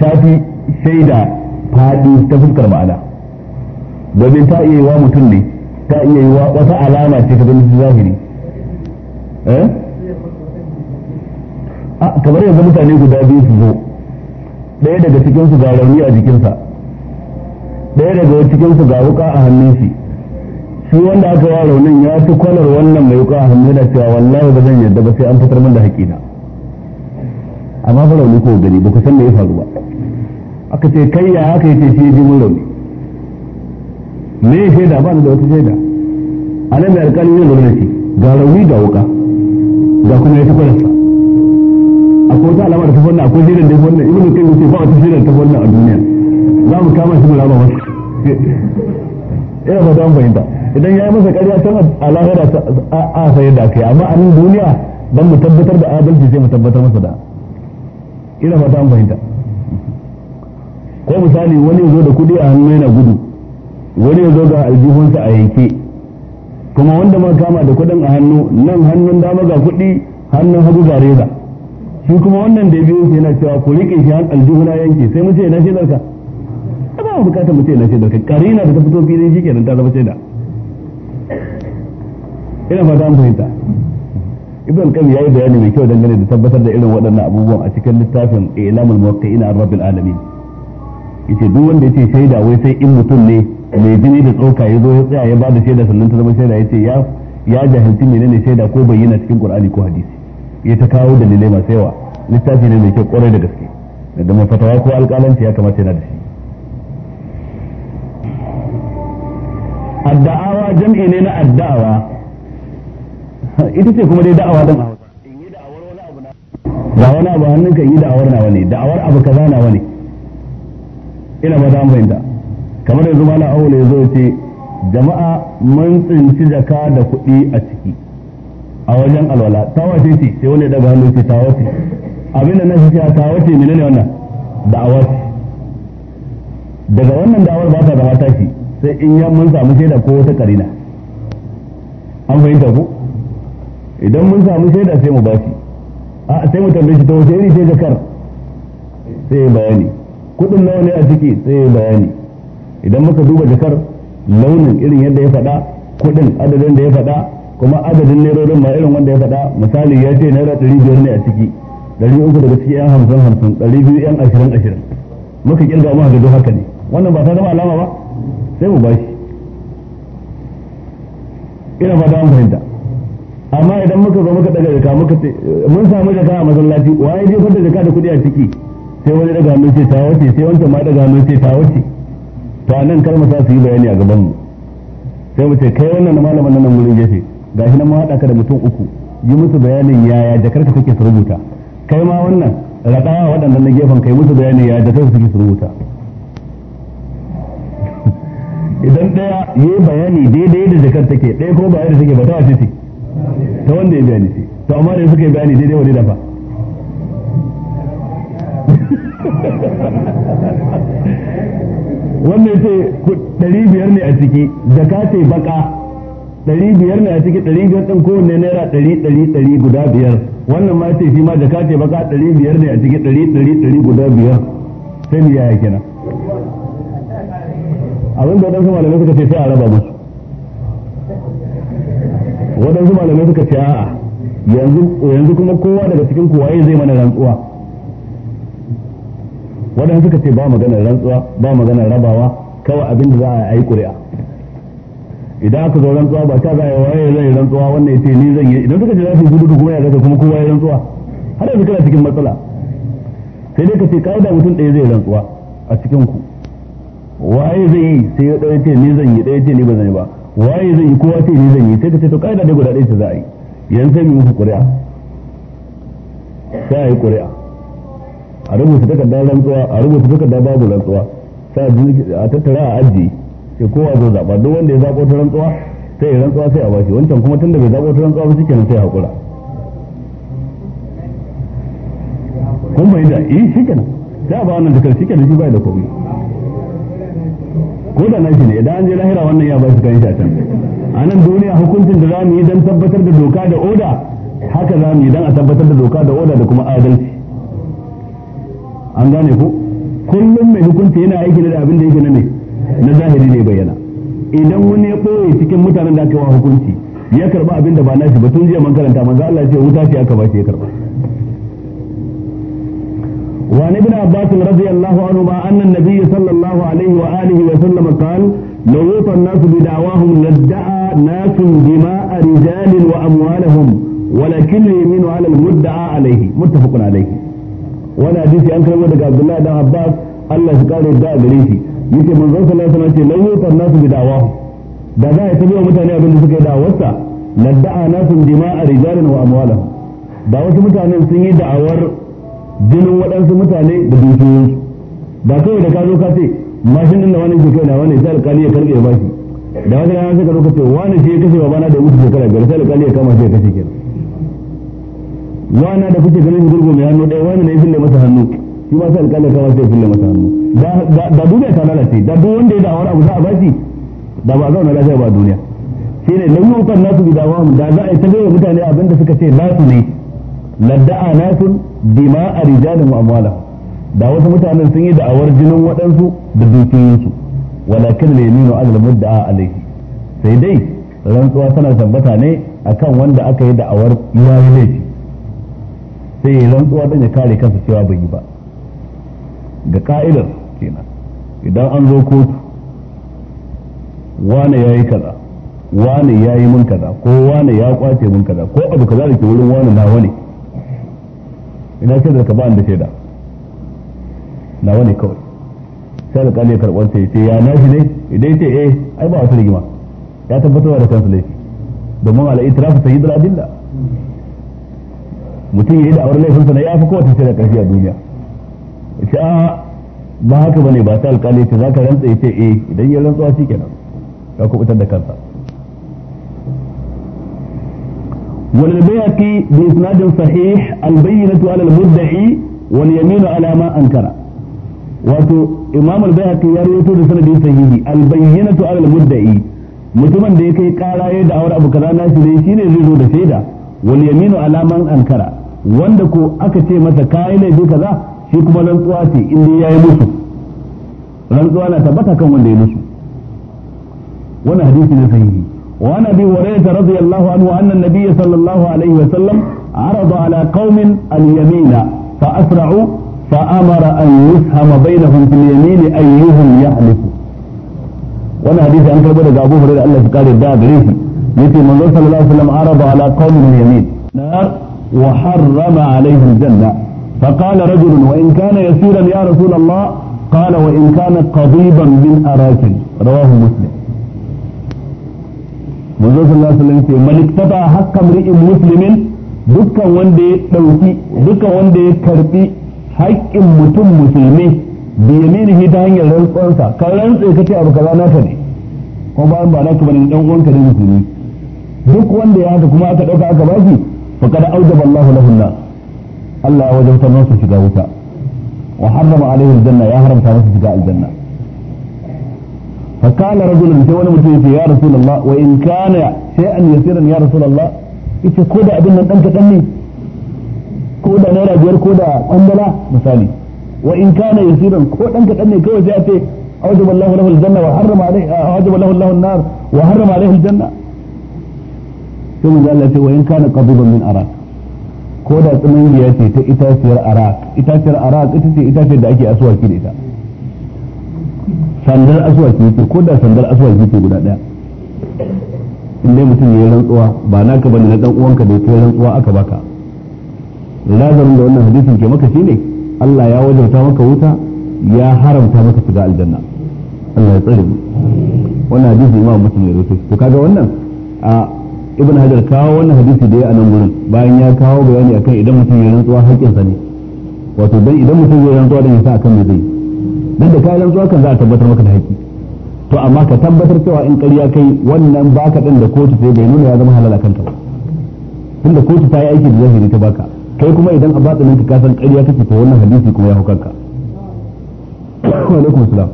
تافي شيدا فهذه تفكر معنا domin ta iya yi wa mutum ne ta iya yi wa wata alama ce ta ganin zahiri kamar yanzu mutane guda biyu su zo ɗaya daga cikin su ga rauni a jikinsa ɗaya daga cikin su ga wuka a hannun shi shi wanda aka wa raunin ya fi kwalar wannan mai wuka a hannun da cewa wallahi ba zan yadda ba sai an fitar min da haƙina amma fa rauni ko gani ba ku san me ya faru ba aka ce kai ya aka yi ce shi ji mun rauni me ya shaida ba da wata shaida a nan mai alƙalin yin da shi ga rauni ga wuka ga kuma ya fi kwalarsa akwai wata alama da ta fanna akwai shaidar da ta fanna ibn kai ce ba wata shaidar ta fanna a duniya za mu kama shi mu raba wasu ina ba don fahimta idan ya yi masa ƙarya tana a lahira a sayar da kai amma a nan duniya don mu tabbatar da adalci sai mu tabbatar masa da ina fata don fahimta ko misali wani ya zo da kuɗi a hannu yana gudu wani ya zo ga aljihunsa a yanke kuma wanda ma kama da kuɗin a hannu nan hannun dama ga kuɗi hannun hagu ga reza shi kuma wannan da biyu yana cewa ku riƙe shi aljihuna yanke sai mu ce na shi zarka ba bukatar mace na shaidar ka karina da ta fito filin shi kenan ta zama shaida ina fata an fahimta ibn qayyim yayi bayani mai kyau dangane da tabbatar da irin waɗannan abubuwan a cikin littafin ilamul muwaqqi'in an rabbil alamin yace duk wanda yace shaida wai sai in mutum ne mai jini da tsoka ya zo ya tsaya ya bada shaida sannan ta zama shaida yace ya ya jahilci menene shaida ko bayyana cikin qur'ani ko hadisi ya ta kawo dalilai masu yawa littafi ne mai kyau kwarai da gaske da mafatawa ko alƙalanci ya kamata yana da shi adda'awa jam'i ne na addawa ita ce kuma dai da'awa don a ga wani abu hannun kan yi da'awar na ne da'awar abu kaza nawa ne ina ba mu fahimta kamar yanzu malam awul ya zo ce jama'a mun tsinci jaka da kuɗi a ciki a wajen alwala ta ce ce sai wani daga hannu ce ta wace abinda na shi ta wace ce menene wannan da'awa ce daga wannan da'awar ba ta zama tashi sai in ya mun samu shaida ko wata karina an fahimta ko idan mun samu shaida sai mu bashi a sai mu tambaye shi ta wace iri sai kar sai ya bayani kudin nawa ne a ciki sai ya bayani idan muka duba jakar launin irin yadda ya faɗa kudin adadin da ya faɗa kuma adadin nerorin ma irin wanda ya faɗa misali ya ce naira ɗari biyar ne a ciki ɗari uku daga ciki yan hamsin hamsin ɗari biyu yan ashirin ashirin muka kirga mu haka haka ne wannan ba ta zama alama ba sai mu bashi ina fata an fahimta amma idan muka zo muka daga jaka muka ce mun samu jaka a masallaci waye je fadda jaka da kuɗi a ciki sai wani daga hannun ce ta wace sai wancan ma daga hannun ce ta wuce to a nan kar mu sa su yi bayani a gaban mu sai mu ce kai wannan malaman nan wurin gefe gashi nan ma haɗa ka da mutum uku yi musu bayanin yaya jakar ka kake su rubuta kai ma wannan raɗawa waɗannan na gefen kai musu bayanin yaya jakar ka kake su rubuta idan daya yi bayani daidai da jakar take daya ko bayani da take ba ta wace ce ta wanda ya bayani ce to amma da suka yi bayani daidai wani dafa [LAUGHS] wannan ce ɗari biyar ne a ciki jaka ce baka ɗari biyar ne a ciki ɗari biyar ɗin kowanne naira ɗari ɗari ɗari guda biyar wannan ma ce shi ma jaka ce baka ɗari biyar ne a ciki ɗari ɗari ɗari guda biyar sai biya ya kenan abin da waɗansu malamai suka ce sai a raba musu waɗansu malamai suka ce a'a yanzu kuma kowa daga cikin kowa zai mana rantsuwa waɗansu suka ce ba maganar rantsuwa ba maganar rabawa kawai abin da za a yi ƙuri'a idan aka zo rantsuwa ba ta zai waye zai rantsuwa wannan ya ce ni zan yi idan suka ce za su yi gudu kuma ya zaka kuma kowa ya rantsuwa har yanzu kana cikin matsala sai dai ka ce ka'ida mutum ɗaya zai rantsuwa a cikin ku waye zai yi sai ɗaya ce ni zan yi ɗaya ce ni ba zan yi ba waye zai yi kowa ce ni zan yi sai ka ce to kaida dai guda ɗaya ce za a yi yan sai mu muku ƙuri'a sai a yi ƙuri'a a rubuta takardar rantsuwa a rubuta takardar babu rantsuwa sai a tattara a aji sai kowa zo zaɓa duk wanda ya zaɓo ta rantsuwa sai ya rantsuwa sai a bashi wancan kuma tunda bai zaɓo ta rantsuwa ba shikenan sai haƙura kun bai da eh shikenan sai a ba wannan takardar shikenan shi bai da komai ko da nashi ne idan an je lahira wannan ya ba shi kan shatan a nan duniya hukuncin da za mu yi don tabbatar da doka da oda haka za mu yi don a tabbatar da doka da oda da kuma adalci an gane ku kullum mai hukunci yana aiki da abin da yake na ne na zahiri ne bayyana idan wani ya ɓoye cikin mutanen da aka yi wa hukunci ya karba abin da ba nashi ba tun jiya man karanta manzo Allah ya ce wuta ce aka ba shi ya karba وعن ابن عباس رضي الله عنهما أن النبي صلى الله عليه وآله وسلم قال لو يوطى الناس بدعواهم لادعى ناس دماء رجال وأموالهم ولكن اليمين على المدعى عليه متفق عليه وانا حديثي أنكر ودك عبد الله بن عباس الله قال يدعى بريشي yake manzon sallallahu alaihi wasallam ce lan yutar nasu bi da'wahu da za a tabi wa mutane abin da suka yi da'awarsa ladda'a nasu dima'a rijalan wa amwalahum da wasu mutanen sun yi da'awar jinin waɗansu mutane da dukiyoyinsu ba kawai da ka zo ka ce mashin din da wani ke kai na wani sai alƙali ya karɓe ba shi da wani rana sai ka zo ka ce wani shi ya kashe bana da mutu shekara biyar sai alƙali ya kama shi ya kashe kenan wani da kuke ganin shi gurgu mai hannu ɗaya wani ne fille masa hannu shi ba sai kama shi sai fille masa hannu da duniya ta lalace da duk wanda ya da awar abu za a shi da ba zauna lafiya ba duniya shi ne lauyukan nasu bi dawam da za a yi ta gaya mutane abinda suka ce nasu ne ladda'a nasun dima a rijalin wa amwala da wasu mutanen sun yi da'awar jinin waɗansu da dukiyoyinsu walakin ne yaminu azal a alaihi sai dai rantsuwa tana tabbata ne akan wanda aka yi da'awar yayi laifi sai rantsuwa don ya kare kansa cewa bai yi ba ga ka'idar kenan idan an zo kotu wane yayi kaza wane yayi mun kaza ko wane ya kwace mun kaza ko abu kaza da ke wurin wane nawa ne ina shaidar ka ba da shaida na wani kawai sai alƙali ya karɓar sai ce ya nashi ne idan ce eh ai ba wata rigima ya tabbatar da kansu laifi domin ala itrafu sayyidul adilla mutum yayi da aure laifin sa na fi kowace shaida karfi a duniya ce a ba haka bane ba sai alƙali ce zaka rantsa ya ce eh idan ya rantsuwa kenan ka kubutar da kansa وللبيهقي بإسناد صحيح البينة على المدعي واليمين على ما أنكر wato imam al-bayhaqi ya rawaito da sanadin sahihi al muddai mutumin da ya kai kara ya da'awar abu kaza na shi ne shine zai zo da shaida wal yaminu ala man ankara wanda ko aka ce masa kai laifi kaza shi kuma rantsuwa ce in dai yayi musu rantsuwa na tabbata kan wanda ya musu wannan hadisi ne sahihi وعن أبي هريرة رضي الله عنه أن النبي صلى الله عليه وسلم عرض على قوم اليمين فأسرعوا فأمر أن يسهم بينهم في اليمين أيهم يحلف وانا حديث أنك أبو أبو هريرة الله سكاري الداء بريسي يتي منظر صلى الله عليه وسلم عرض على قوم اليمين نار وحرم عليهم الجنة فقال رجل وإن كان يسيرا يا رسول الله قال وإن كان قضيبا من أراكن رواه مسلم manzo sallallahu alaihi wasallam ce malik ittaba hakka mri'in muslimin dukkan wanda ya dauki dukkan wanda ya karbi haƙƙin mutum musulmi bi yaminihi ta hanyar rantsuwansa ka rantsa kace abu kaza naka ne ko ba ba naka bane dan uwanka ne musulmi duk wanda ya haka kuma aka dauka aka baki kada aujaba Allahu lahu na Allah ya wajabta masa shiga wuta wa harrama alaihi aljanna ya haramta masa shiga aljanna فقال رجل انت وانا يا رسول الله وان كان شيئا يسيرا يا رسول الله ايش كودا ابن من انت تني كودا نيرا جير كودا قنبلا مثالي وان كان يسيرا كودا انت تني كو جاتي أعجب الله له الجنة وحرم عليه اوجب الله له النار وحرم عليه الجنة ثم قال له وان كان قبيبا من اراك كودا تمين جاتي تأتاسر اراك اتاسر اراك اتاسر اراك اتاسر اراك اتاسر اراك اتاسر اراك sandar aswaki yake ko da sandar aswaki yake guda daya in dai mutum ya yi rantsuwa ba naka bane na dan uwanka da ya rantsuwa aka baka lazarin da wannan hadisin ke maka shine Allah ya wajauta maka wuta ya haramta maka shiga aljanna Allah ya tsare mu wannan hadisi imam muslim ya rawaito to kaga wannan a ibn hajar kawo wannan hadisi da ya anan gurin bayan ya kawo bayani akan idan mutum ya rantsuwa sa ne wato dan idan mutum ya rantsuwa dan ya sa akan me zai nan da kayan zuwa kan za a tabbatar maka da haƙƙi to amma ka tabbatar cewa in ƙarya kai wannan baka din da kotu sai bai nuna ya zama halal akan ka ba tunda kotu ta yi aiki da zahiri ta baka kai kuma idan a batsa ka kasan ƙarya kake to wannan hadisi kuma ya hau kanka [COUGHS] alaikum salam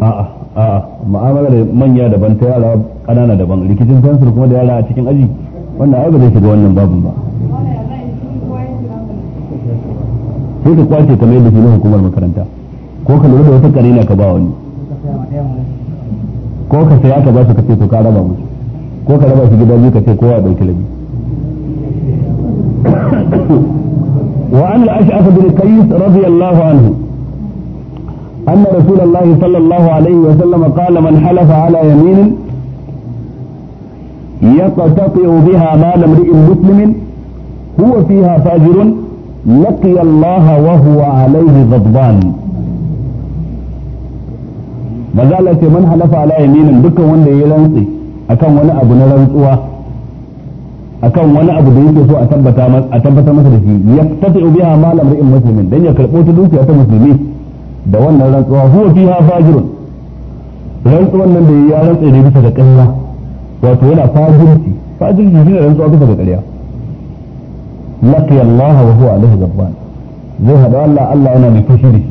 a'a a'a mu'amala da manya daban ta yara ƙanana daban rikicin fensir kuma da yara a cikin aji wannan ai ba zai shiga wannan babun ba sai ka kwace kamar yadda sunan hukumar makaranta ko ka lura da wata karina ka ba wani ko ka sai aka ba su ka ce to ka raba musu ko ka raba su gida biyu ka ce kowa ɗauki rabi وعن الأشعث بن قيس رضي الله عنه أن رسول الله صلى الله عليه وسلم قال من حلف على يمين يقتطع بها مال امرئ مسلم هو فيها فاجر لقي الله وهو عليه غضبان maza Allah ce man halafa ala yaminin dukkan wanda ya rantsi akan wani abu na rantsuwa akan wani abu da yake so a tabbata a tabbatar masa da shi ya tafi biha mal amrin dan ya karbo ta dukiya da rantsuwa huwa fiha fajirun rantsuwan nan da ya rantsa ne bisa da ƙarya wato yana fajirci fajirci shine rantsuwa bisa ga ƙarya laqiya Allah wa huwa alaihi gabban zai hada Allah Allah yana mai fushi da shi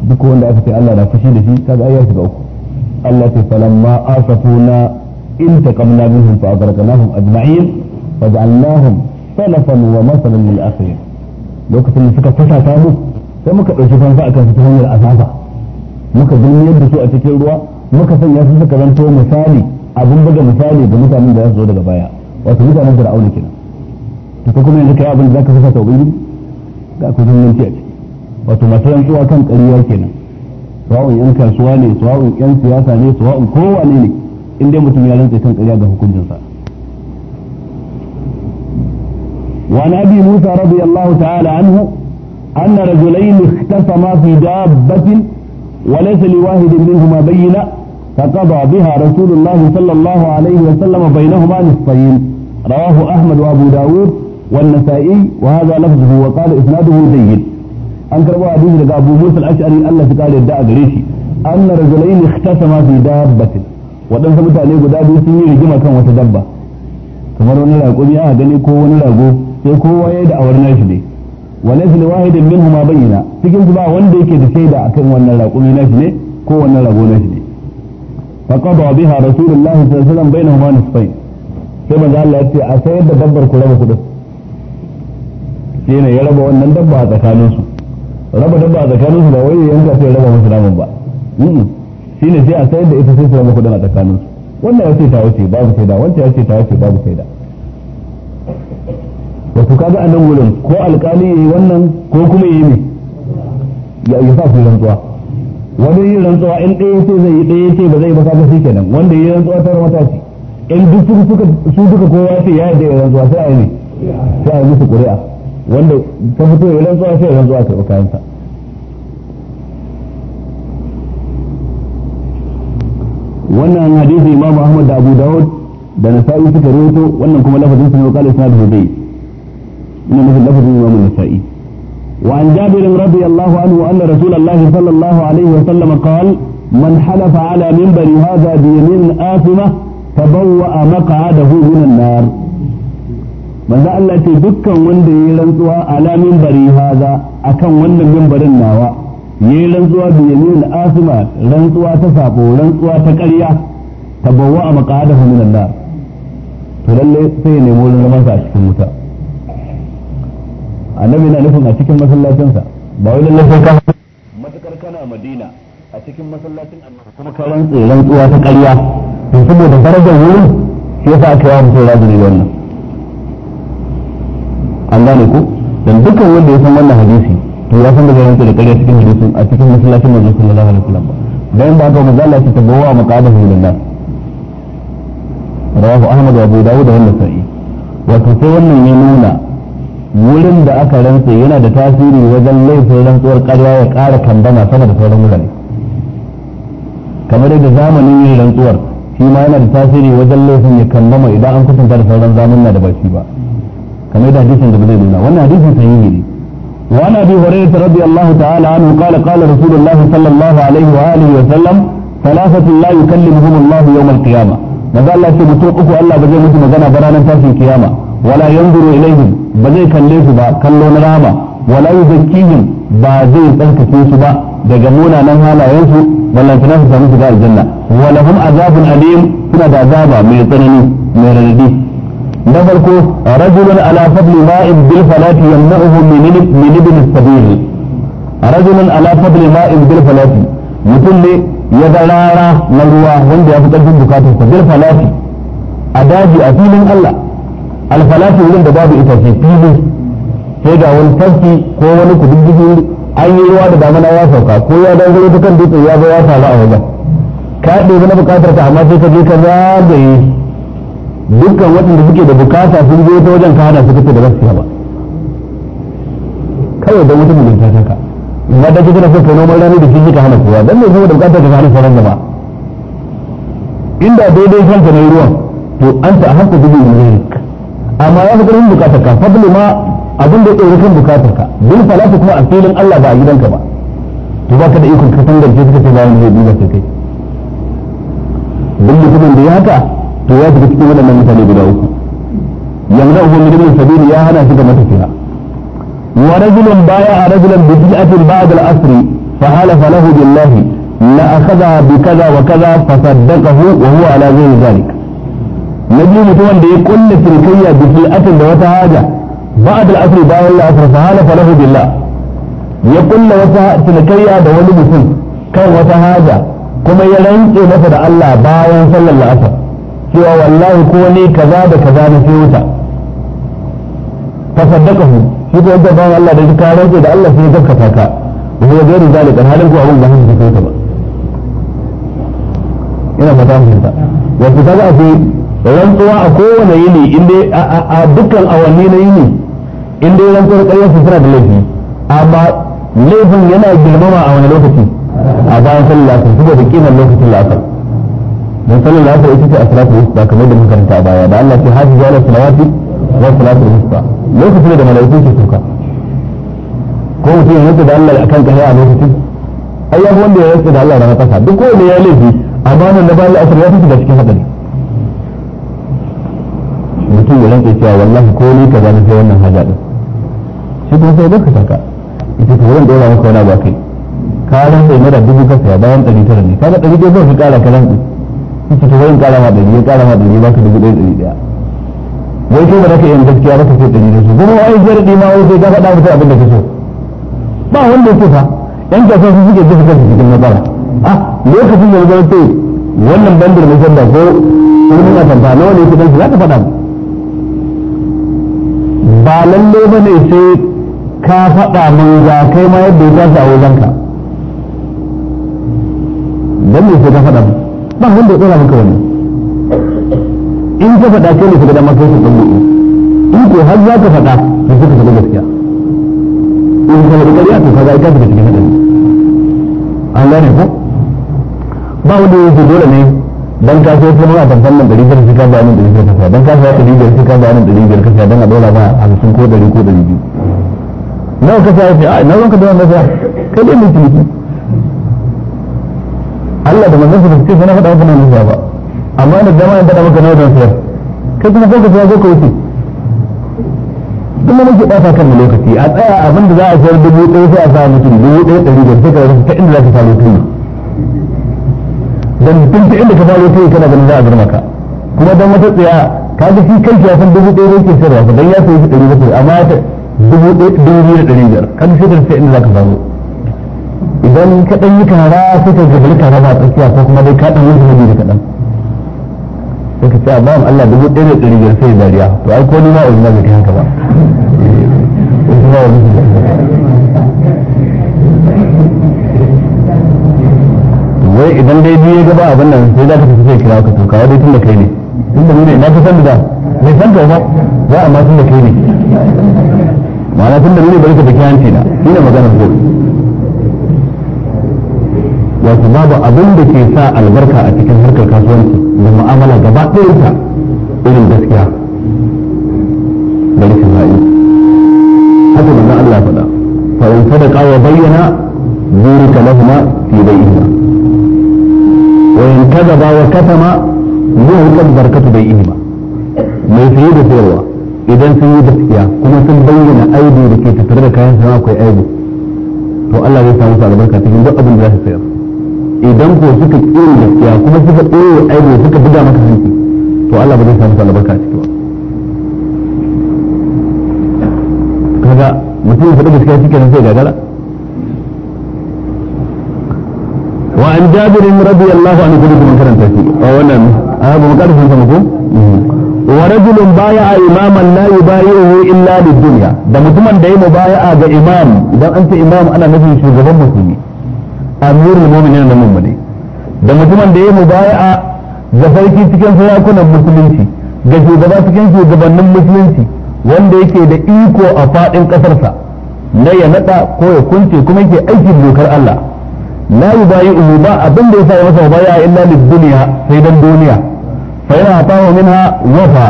duk wanda aka ce Allah na fushi da shi kaga ai ya shiga uku Allah ce falamma asafuna in intaqamna minhum fa aghraqnahum ajma'in fa ja'alnahum salafan wa masalan lil akhirin lokacin da suka fasata mu sai muka dauki fansa akan su ta hanyar azaba muka gulmiyar yadda su a cikin ruwa muka sanya su suka zanto misali abin buga misali ga mutanen da za su zo daga baya wato mutanen fir'auna kenan to ko kuma yanzu kai abin da zaka saka ta ubangiji ga ku zumunci a ciki wato masu rantsuwa kan ƙarya kenan sawa'un yan kasuwa ne sawa'un yan siyasa ne sawa'un kowane ne in dai mutum ya rantsa kan ƙarya ga hukuncinsa وعن ابي موسى رضي الله تعالى عنه ان رجلين اختصما في دابه وليس لواحد منهما بينه فقضى بها رسول الله صلى الله عليه وسلم بينهما نصفين رواه أحمد وأبو داود والنسائي وهذا لفظه وقال إسناده جيد أنكر أبو حديث لك أبو موسى الأشعري الذي قال يدعى قريشي أن رجلين اختتما في دابة waɗansu mutane guda biyu sun yi rigima kan wata dabba kamar wani rago ne gani ko wani rago sai kowa ya da awar nashi ne wa laysa wahidin minhu ma bayyana cikin ba wanda yake da shaida akan wannan rago ne nashi ne ko wannan rago nashi faqada biha rasulullahi sallallahu alaihi wasallam bainahuma nisfayn sai manzo Allah ya ce a sayar da dabbar ku raba kudin shine ya raba wannan dabba a tsakanin su raba dabba a tsakanin su ba wai yanka sai raba musu naman ba shine sai a sayar da ita sai su raba kudin a tsakanin su wannan ya ce ta wuce babu sai da wancan ya ce ta wuce babu sai da wasu kaga a nan wurin ko alkali yi wannan ko kuma ya yi ne ya sa su rantsuwa wani yi rantsuwa in ɗaya ce zai yi ɗaya ce ba zai ba kaga shi nan wanda yi rantsuwa ta ramata ce in duk su duka su duka kowa ce ya yarda ya rantsuwa sai a yi ne sai a yi musu ƙuri'a wanda ta fito ya rantsuwa sai rantsuwa a kayan sa. wannan hadisi imam ahmad da abu dawud da nasa'i suka rawaito wannan kuma lafazin sunan qala isnadu zai ina nufin lafazin imam nasa'i وعن جابر رضي الله عنه أن رسول الله صلى الله عليه وسلم قال من حلف على منبر هذا بيمين آثمة فبوأ مقعده من النار manzo Allah ce dukkan wanda yayi rantsuwa ala minbari haza akan wannan minbarin nawa yayi rantsuwa bi yamin asma rantsuwa ta sabo rantsuwa ta ƙarya tabawwa maqadahu min Allah to lallai sai nemo na zama a cikin wuta annabi na nufin a cikin masallacinsa ba wai lallai sai ka matakar kana madina a cikin masallacin annabi kuma ka rantse rantsuwa ta ƙarya to saboda darajar wurin sai sa aka yawa mutum rajin da wannan an gane ku dan dukkan wanda ya san wannan hadisi to ya san da zai rantse da ƙarya cikin hadisin a cikin masallacin manzon sallallahu alaihi wasallam dan ba ka manzo Allah ya tabawa maqadahu lillah rawahu ahmad wa abu dawud wa an-nasa'i wato sai wannan ne nuna wurin da aka rantse yana da tasiri wajen laifin rantsuwar karya ya kara kambana sama da sauran wurare kamar yadda zamanin yin rantsuwar shi ma yana da tasiri wajen laifin ya kambama idan an kusanta da sauran zamanna da ba shi ba kamar yadda hadisin da ba zai nuna wannan hadisin sahihi ne وعن ابي هريره رضي الله تعالى عنه قال قال رسول الله صلى الله عليه واله وسلم ثلاثه لا يكلمهم الله يوم القيامه ماذا الله سبحانه وتعالى الله بزي مثل ما جانا برانا في القيامه wala yanzuru ilaihim ba zai kalle su ba kallo na rama wala yuzakkihim ba zai tsarkake su ba daga munanan halayensu ballantana su samu shiga aljanna wala hum azabun alim suna da azaba mai tsanani mai radadi na farko rajulun ala fadli ma'in bil falati yamna'uhu min ibn sabil rajulun ala fadli ma'in bil falati mutum ne ya ga rara na ruwa wanda ya fi karfin bukatan sa bil falati a daji a filin Allah alfalafi wurin da babu itace fili sai ga wani tafki ko wani kududdufi an yi ruwa da damana ya sauka ko ya dangaro ta kan dutse ya zo ya faru a wajen ka ɗebi na bukatar ta amma sai ka je ka zagaye dukkan waɗanda suke da bukata sun zo ta wajen ka hana su kusa da za su ba kawai don wata mugunta ta ka amma da ke na so ka noman rani da shi ka hana kowa dan ne kuma da bukatar ka hana sauran gaba inda daidai kanta na ruwan to ta a hanka dubu ilaik amma ya fi ƙarfin bukatar ka fadli ma abin da ya tsoro kan bukatar ka bil kuma a filin Allah ba a gidanka ba to ba ka da ikon ka tangance suka ce bayan zai duba kai duk mutumin da ya haka to ya shiga cikin waɗannan mutane guda uku yanzu abu ne da sabili ya hana shi ga matafiya ورجل بايع رجلا ببيئة بعد العصر فحلف له بالله لأخذها بكذا وكذا wa وهو ala غير ذلك na biyu mutum wanda ya kulle cinikayya da fil'atin da wata haja ba'ad da asiri bayan la'asar fa hala falahu billah ya kulle wata cinikayya da wani mutum kan wata haja kuma ya rantse masa da Allah bayan sallar la'asar cewa wallahi ko ne kaza da kaza na sai wuta fasaddaqahu shi ko wanda bayan Allah da ka rantse da Allah sai ya gaskata ka wa gairu zalika halin ko abun ba haka ba ina fata mu ta wasu kaga akwai rantsuwa a kowane yini inda a dukkan awanni na yini inda rantsuwar ƙarya su suna da laifi amma laifin yana girmama a wani lokaci a bayan su asar saboda kimar lokacin la'asar don sallar la'asar ita ce a salatu wusta kamar da muka karanta a baya da Allah ce hafi zuwa salawati wa salatu wusta lokacin da malaiku ke suka ko mutum ya rantsa da Allah akan ƙarya a lokacin ai wanda ya rantsa da Allah da na duk wanda ya laifi amma nan na bayan la'asar ya fi da cikin haɗari. mutum ya rantsa cewa wallahi ko ni kaza na sai wannan haja din shi kuma sai baka saka ita ta wurin dora maka wani ba kai ka rantsa da dubu kasa ya bayan ɗari tara ne kaga ɗari ɗaya ka kara kalan rantsa ita ta wurin kara ma ɗari ya kara ma ɗari ba ka dubu ɗaya ɗari ɗaya wai kai ba za ka yin gaskiya ba ka sai ɗari da su kuma ai jarɗi ma wai sai ka faɗa mutum abin da ka so ba wanda yake fa yan kasuwa su suke jefa kansu cikin matsala a ah, lokacin da ya zama wannan bandar mai sanda ko wani na tantana wani ya fi ɗansu za ka faɗa mu ba lalle ba ne sai ka faɗa mun za kai ma yadda ya tashi a wajenka don me sai ka faɗa mu ba wanda ya tsara maka wani in ka faɗa kai ne ka gada maka yadda ɗan in ko har za ka faɗa ne sai ka faɗa gaskiya in ka faɗa ƙarya to ka ga ka shiga cikin haɗari an gane ko ba wanda ya ce dole ne dan ka so kuma a tantan nan ɗari biyar suka bayanin ɗari biyar kasa dan ka so ɗari biyar suka bayanin ɗari biyar kasa dan a ɗora ba hamsin ko ɗari ko ɗari biyu nawa kasa ya fi a nawa ka dawo nasa kai dai mai ciniki Allah da manzon sa ce sana faɗa maka na nasa ba amma da dama ya faɗa maka nawa da sayar kai kuma kanka sai ka wuce kuma nake ɓata kan lokaci a tsaya abin da za a sayar dubu ɗaya sai a sa mutum dubu ɗaya ɗari biyar sai ka rasa ta inda za ka samu tuni dan tun da inda ka faro kai kana ganin za a girma ka kuma don wata tsaya kaga shi kanki ya san dubu ɗaya yake sayarwa ba dan ya sayi shi ɗari bakwai amma ya dubu ɗaya dubu biyu da ɗari biyar kaga sai ka sai inda za ka faro idan ka ɗan yi kara sai ka gabali kara ba a tsakiya ko kuma dai ka ɗan wani zuwa da kaɗan sai ka ce amma Allah dubu ɗaya da ɗari biyar sai dariya to ai ko ni ma ozuna zai kai haka ba eh, wai idan dai biyu ya gaba abin nan sai za ka tafi sai kira ka to kawo dai tun da kai ne tun da ne na ka san da mai san ka ba za a tun da kai ne ma'ana tun da ne bari ka daki hanci na shi ne maganar ko wato babu abin da ke sa albarka a cikin harkar kasuwanci da mu'amala gaba ɗayanta irin gaskiya da rikin ra'i haka manzon Allah faɗa fa in sadaqa wa bayyana burika lahuma fi bayyina wa in kadaba wa katama zuwa kan barkatu bai ihima mai saye da sayarwa idan sun yi gaskiya kuma sun bayyana aibu da ke tattare da kayan sana'a akwai aibu to Allah zai samu su albarka cikin duk abin da za su sayar idan ko suka ƙi gaskiya kuma suka ɗoye aibu suka buga maka hanci to Allah ba zai samu su albarka cikin ba kaga mutum ya faɗi gaskiya shi kenan sai gagara وعن جابر رضي الله عنه كل من كان تاتي اولا بكر ورجل بايع اماما لا يبايعه الا للدنيا ده mutumin da ya mubaya'a ga imam idan an ce imam ana nufin shugaban musulmi amirul mu'minin da mu'mini da mutumin da ya mubaya'a ga sarki cikin sarakunan musulunci ga shugaba cikin shugabannin musulunci wanda yake da iko a fadin kasarsa na ya nada ko ya kunce kuma yake aikin dokar Allah la yubayi'uhu ba abin da ya sa masa baya illa lid-dunya sai dan duniya fa yana hatawa minha wafa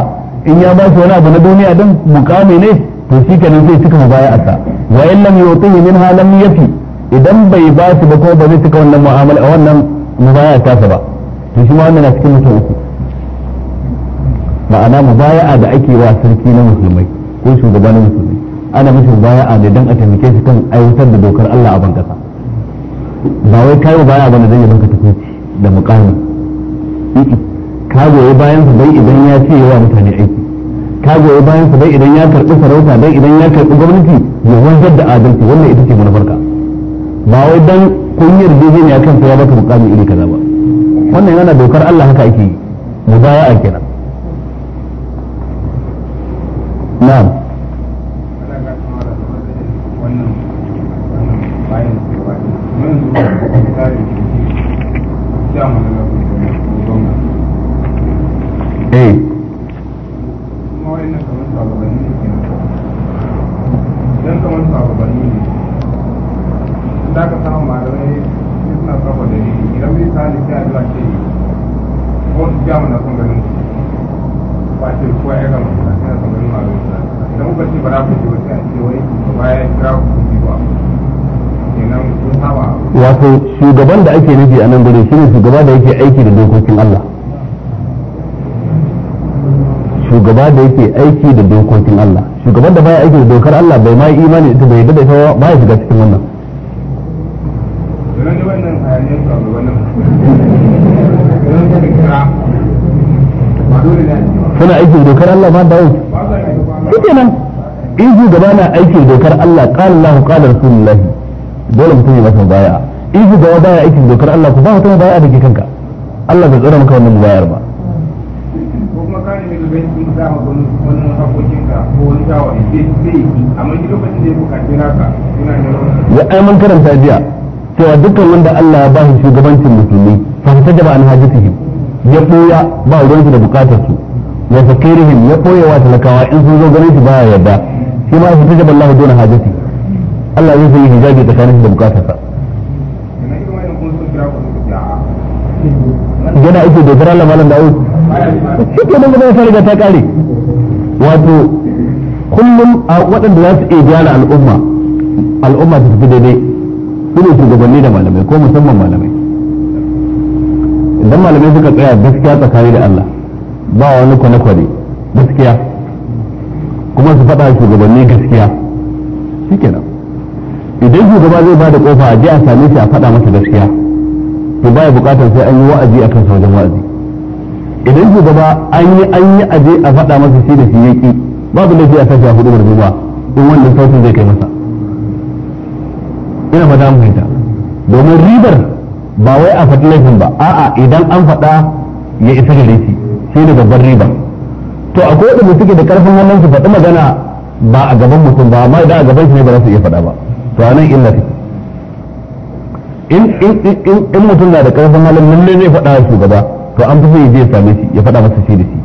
in ya ba shi wani abu na duniya dan mukami ne to shi kenan zai cika mubaya'ata wa in lam yu'tihi minha lam yafi idan bai ba shi ba ko ba zai cika wannan mu'amala wannan mubaya'ata ba to shi ma wannan na cikin mutum uku ma'ana mubaya'a da ake wa sarki na musulmai ko shugaba musulmai ana mishi mubaya'a ne dan a kan aiwatar da dokar Allah a ban kasa ba wai kayo baya bane zai banka tafi da mukami ka goyi bayan su dai idan ya ce yawa mutane aiki ka goyi bayan su dai idan ya karɓi sarauta dai idan ya karɓi gwamnati ya wanzar da adalci wannan ita ce manufarka ba wai dan kunyar jirgin ya kan ya baka mukami iri kaza ba wannan yana dokar Allah haka ake yi mu baya a kenan na'am aiki da dokokin Allah shugaba da yake aiki da dokokin Allah shugaban da baya aiki da dokar Allah bai ma imani ita bai da ita ba ya shiga cikin wannan suna aiki da dokar Allah ma dawo shi nan! in shugaba na aiki da dokar Allah qala Allah qala rasulullahi dole mutum ya masa baya in shugaba baya aiki da dokar Allah ku ba mutum baya da ke kanka Allah bai tsara maka wannan bayar ba ko kuma ka nemi bai sun sa wani wani hakokin ka ko wani shawari zai zai amma duk lokacin da ya bukaci naka yana da ya ai mun karanta biya cewa dukkan wanda Allah ya ba shi shugabancin musulmi fa ta jaba an hajjatihim ya boya ba ruwan da bukatar su wa fakirihim ya boye wa talakawa in sun zo ganin shi baya yarda shi ma fa ta jaba Allah dona hajjati Allah zai yi hijabi tsakanin da sa. gana ake dogara la malam da dawo shi ke nan magana ta riga ta kare wato kullum a waɗanda za su iya gyara al'umma al'umma ta fi daidai su ne shugabanni da malamai ko musamman malamai idan malamai suka tsaya gaskiya tsakani da Allah ba wani kwane-kwane gaskiya kuma su faɗa shugabanni gaskiya shi kenan idan shugaba zai ba da kofa a je a same shi a faɗa masa gaskiya to ya bukatar sai an yi wa'azi a kansa wajen wa'azi idan shugaba an yi an yi aje a faɗa masa shi da shi yaki babu laifi a sashi a hudu ba in wannan sautin zai kai masa ina fata mu domin ribar ba wai a faɗi laifin ba a'a idan an faɗa ya isa da laifi shi ne babban riba to akwai waɗanda suke da karfin wannan su faɗi magana ba a gaban mutum ba amma idan a gaban shi ne ba za su iya faɗa ba to anan illa take in in mutum na da karfin halin lalle zai faɗa wa shugaba to an fi sai je same shi ya faɗa masa shi da shi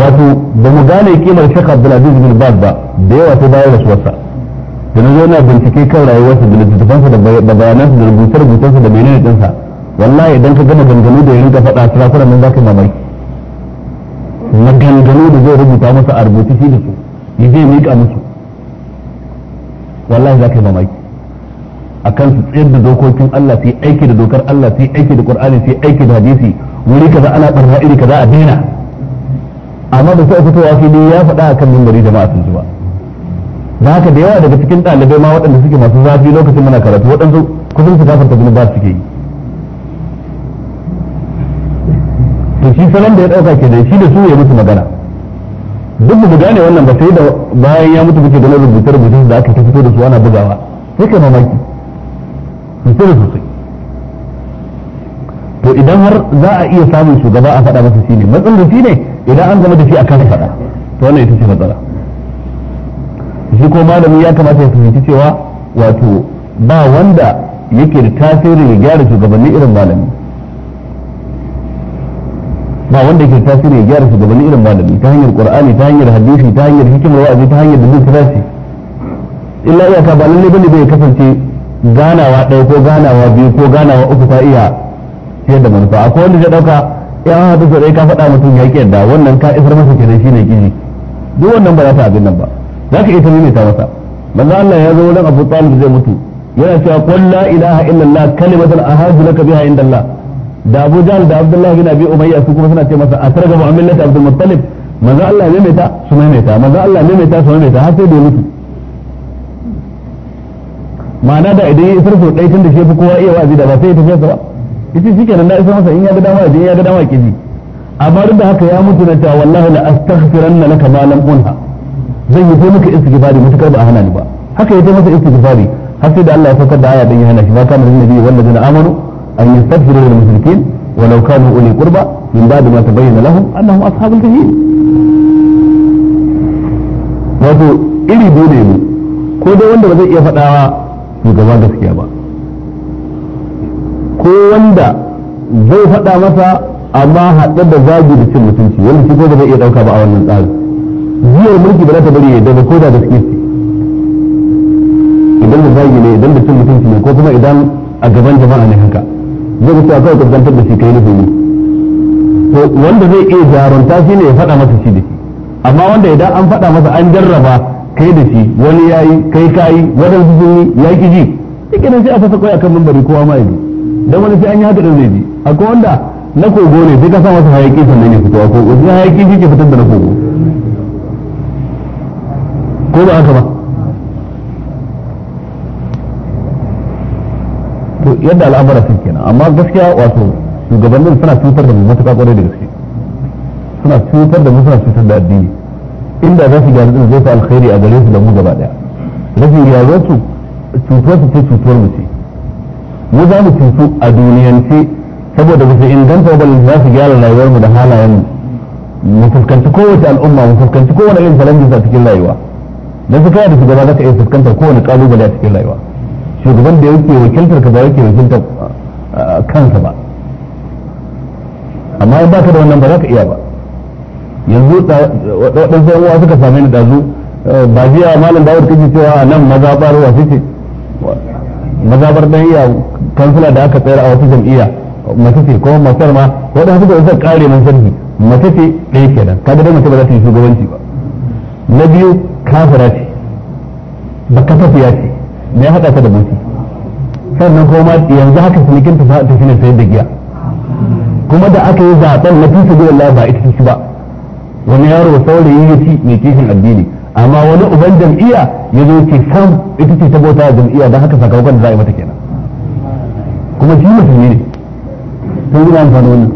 wato ba mu gane kimar Sheikh Abdulaziz bin Baz ba da yawa sai bayan rasuwarsa da na zo na bincike kan rayuwarsa da littattafansa da bayanansa da rubuce-rubucensa da menene ɗinsa wallahi idan ka gama ganganu da ya rinka faɗa sarakunan nan za ka mamaki maganganu da zai rubuta masa a rubuce shi da su ya zai miƙa musu wallahi za ka yi mamaki akan su tsayar da dokokin Allah sai aiki da dokar Allah sai aiki da Qur'ani sai aiki da hadisi wuri kaza ana barna iri kaza a daina amma da sai fitowa fili ya faɗa akan mimbari jama'a sun zuba da haka da yawa daga cikin ɗalibai ma waɗanda suke masu zafi lokacin muna karatu waɗansu kusan su gafarta gudun ba suke yi to shi salon da ya ɗauka ke da shi da su ya musu magana duk mu gane wannan ba sai da bayan ya mutu muke da rubuce-rubuce da aka fito da su ana bugawa sai kai mamaki sosai sosai to idan har za a iya samun shugaba a faɗa masa shine matsin da shine idan an zama da shi a kan faɗa to wannan ita ce matsala shi ko malami ya kamata ya fahimci cewa wato ba wanda yake da tasiri ya gyara shugabanni irin malami ba wanda yake da tasiri ya gyara shugabanni irin malami ta hanyar qur'ani ta hanyar hadisi ta hanyar hikimar wa'azi ta hanyar da zai illa iyaka ba lalle bane bai kasance ganawa ɗaya ko ganawa biyu ko ganawa uku ta iya fiye da manufa akwai wanda ya ɗauka ya haɗu da ɗaya ka faɗa mutum ya ƙi yadda wannan ka isar masa shi shine ƙiji duk wannan ba za ta abin nan ba za ka iya ta masa manzo Allah ya zo wurin Abu Talib zai mutu yana cewa qul la ilaha illallah kalimatan ahadu laka biha inda Allah da Abu Jahl da Abdullah bin Abi Umayya su kuma suna ce masa asarga mu'amilati Abdul Muttalib manzo Allah ya maimaita su maimaita manzo Allah ya maimaita su maimaita har sai da mutu ma'ana da idan ya isar sau ɗaya tun da shi fi kowa iya wa'azi da ba sai ya tafi ba ita shi kenan na isar masa in ya ga dama idan ya ga dama kizi amma duk da haka ya mutu na cewa wallahi la astaghfiranna laka ma lam unha zan yi sai maka istighfari mutukar ba a hana ni ba haka ya masa istighfari har sai da Allah ya saukar da aya dan ya hana shi ba kana da nabi wanda zina amanu an yastaghfiru lil mushrikeen ولو كانوا أولي قربى من بعد ما تبين لهم أنهم أصحاب الجحيم wato iri biyu ne mu ko dai wanda ba zai iya fadawa. shugaba gaskiya ba ko wanda zai faɗa masa amma haɗe da zagi da cin mutunci wanda shi ko da zai iya ɗauka ba a wannan tsarin jiyar mulki ba za ta bari ya daga ko da gaskiya ce idan da zagi ne idan da cin mutunci ne ko kuma idan a gaban jama'a ne haka zai ga cewa kawai kaskantar da shi kai nufi ne to wanda zai iya jarunta shi ne ya faɗa masa shi da shi amma wanda idan an faɗa masa an jarraba kai da shi wani yi kai kayi wadansu sun yi ya ki ji cikin sai a fasa kai akan mambari kowa ma yi don wani sai an yi haka da zai ji akwai wanda na kogo ne sai ka sa masa hayaki sannan ya fito ko wasu hayaki shi ke fitar da na kogo ko ba haka ba to yadda al'amura sun kenan amma gaskiya wato shugabannin suna cutar da mu matuƙa ƙwarai da gaske suna cutar da mu suna cutar da addini inda za su gyara zai fi alkhairi a gare su da mu gaba daya rashin za su cutuwar su ce cutuwar mu ce mu za mu cutu a duniyance saboda ba su inganta ba za su gyara rayuwar mu da halayen mu mu fuskanci kowace al'umma mu fuskanci kowane irin challenge a cikin rayuwa dan su kai da gaba za ka iya fuskantar kowane kalubale a cikin rayuwa shugaban da yake wakiltar ka ba yake wakiltar ah, kansa ba amma in ka da wannan ba za ka iya ba yanzu waɗansu yan uwa suka same ni dazu eh, ba jiya malam dawud kake cewa a nan mazabar wasu ce mazabar dan iya kansila da aka tsayar a wasu jam'iyya mace ce kuma masar ma waɗansu da wasu kare nan sarki mace ce ɗaya kenan kaga dai mace ba za ta yi shugabanci ba na biyu kafira ce ba tafiya ce me ya haɗa ta da mutu sannan kuma yanzu haka sunikin ta fi sayar da giya kuma da aka yi zaɓen na fi su ba ita ce ba wani yaro saurin ya ci mai kishin addini amma wani uban jam'iyya ya zo ke sam ita ce ta bauta jam'iyya don haka sakamakon da za a yi mata kenan kuma shi musulmi ne sun gina amfani wannan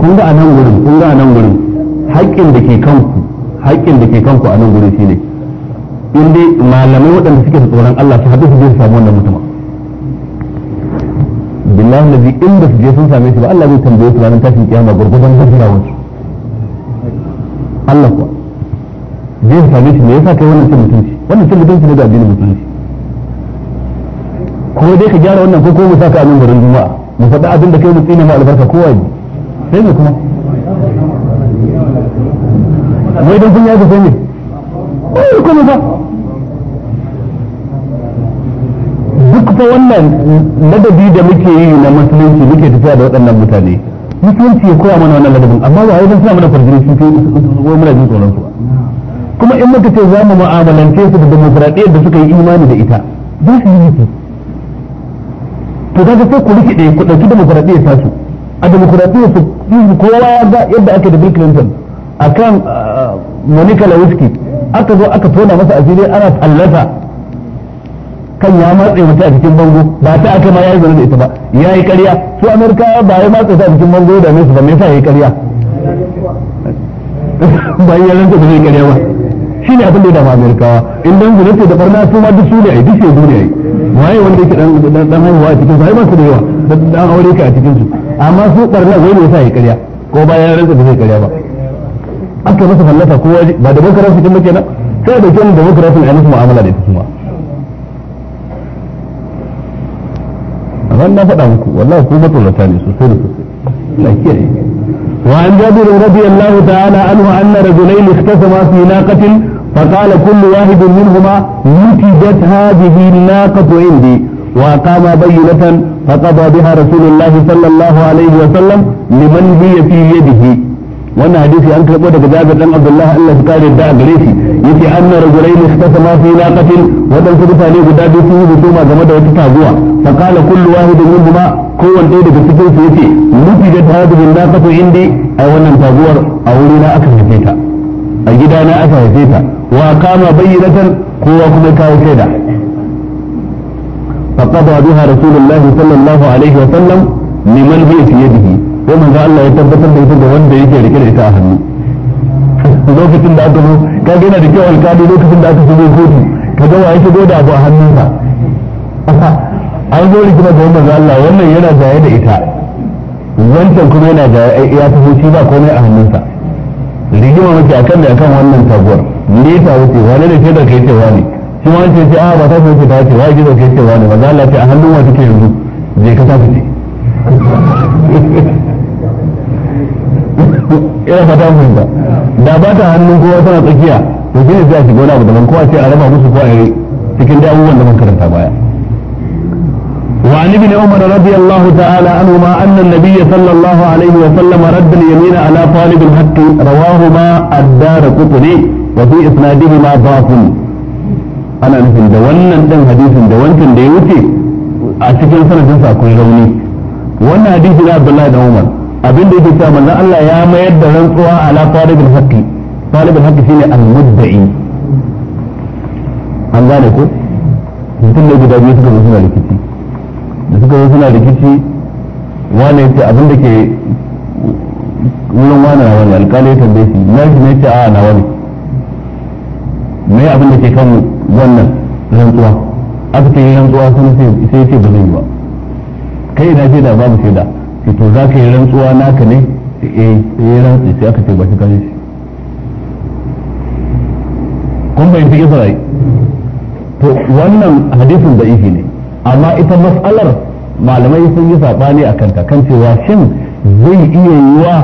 kun ga a nan gurin kun ga a nan gurin haƙƙin da ke kanku haƙƙin da ke kanku a nan gurin shine in dai malamai waɗanda suke da tsoron Allah su haɗu su je su samu wannan mutumin billahi nabi in ba su je sun same shi ba Allah zai tambaye su ranar tashin kiyama gurgurdan gaggawa wasu Allah kuwa zai same shi me yasa kai wannan cin mutunci wannan cin mutunci ne da addinin mutunci ko dai ka gyara wannan ko ko mu saka amin nan juma'a mu faɗa abin da kai mu tsine ma albarka kowa ne sai mu kuma wai don kun yaji sai ne ko kuma fa duk fa wannan ladabi da muke yi na musulunci muke tafiya da waɗannan mutane musulunci ya koya mana wannan ladabin amma ba wai don suna mana farjini sun fi wai muna jin tsoron su kuma in muka ce za mu mu'amalance su da demokradiyyar da suka yi imani da ita za su yi miki to kaga sai ku rikide ku ɗauki demokradiyyar su a demokradiyyar su kowa ya ga yadda ake da Bill Clinton akan Monica Lewinsky aka zo aka tona masa asiri ana tallata kan ya matse mutum a cikin bango ba ta aka ma yi zama da ita ba ya yi karya su amurka ba ya matse ta a cikin bango da nasu ba me yasa yi karya. [LAUGHS] ba ya ranta ba zai karya ba shi ne abin da ya dama amurkawa in dan zurfi da barna su ma duk su ne ai duk shedu ne yi waye wanda yake dan haihuwa a cikin su ai ba su da yawa dan aure ka a cikin su amma su barna wai ne yasa yi karya ko ba ya ranta ba zai karya ba aka masa fallasa kowa ba da bankarar su kin ba kenan sai da kyan da bankarar su a nufin mu'amala da ita ma. wannan na faɗa muku wallahi ku matsalata ne sosai da sosai lafiya وعن جابر رضي الله تعالى عنه أن رجلين اختصما في ناقة فقال كل واحد منهما نتجت هذه الناقة عندي وأقام بينة فقضى بها رسول الله صلى الله عليه وسلم لمن هي في يده wannan hadisi an karbo daga Jabir dan Abdullah Allah ya kare da gare shi yace anna rajulayn istasama fi naqatin wadan su mutane guda biyu sun yi hukuma game da wata taguwa fa qala kullu wahidin minhuma kowanne ɗaya daga cikin su yace da hadhihi naqatu indi ai wannan taguwar a wuri na aka haife ta a na aka haife ta wa kama bayyinatan kowa kuma kawo shaida فقضى بها رسول الله صلى الله عليه وسلم لمن هي في sai manzo Allah ya tabbatar da ita ga wanda yake rike da ita a hannu lokacin da aka zo ka gina da kyau alkali lokacin da aka shigo kotu kaga wa yake goda abu a hannunsa an zo rigima ga manzo Allah wannan yana jaye da ita wancan kuma yana jaye ya tafi shi ba komai a hannunsa rigima mace akan da akan wannan taguwar ne ta wuce wani da ke da kai cewa ne shi wani ce ce a ba ta wuce ta ce wai gizo kai cewa ne za Allah ce a hannun wa take yanzu je ka tafi ce ina fata mun ba da ba ta hannun kowa tana tsakiya to shine ne a shiga wani abu daban kowa ce a raba musu ko a yi cikin da abubuwan da mun karanta baya وعن ابن عمر رضي الله تعالى عنهما أن النبي صلى الله عليه وسلم رد اليمين على طالب الحق رواهما الدار قطني وفي إسنادهما ضعف أنا نفهم ده wannan dan hadisin da wancan da ya wuce a cikin sanadinsa akwai rauni wannan hadisi na Abdullahi da Umar abin da yake cewa manzon Allah ya mayar da rantsuwa ala talibul haqqi talibul haqqi shine al-mudda'i an gane ko mutum ne guda biyu suka zo suna rikici da suka zo suna rikici wane yace abin da ke wurin wane na wani alkali ya tambaye shi na shi ne ce a na wani me abin da ke kan wannan rantsuwa aka ce rantsuwa sun sai ce ba zai yi ba kai na ce da babu shaida ce za ka yi rantsuwa naka ne ce eh, eh rantsi sai aka ce ba shi kashe shi kun to wannan hadisin da ihi ne amma ita matsalar malamai sun yi saɓani a kanta kan cewa shin zai iya yi wa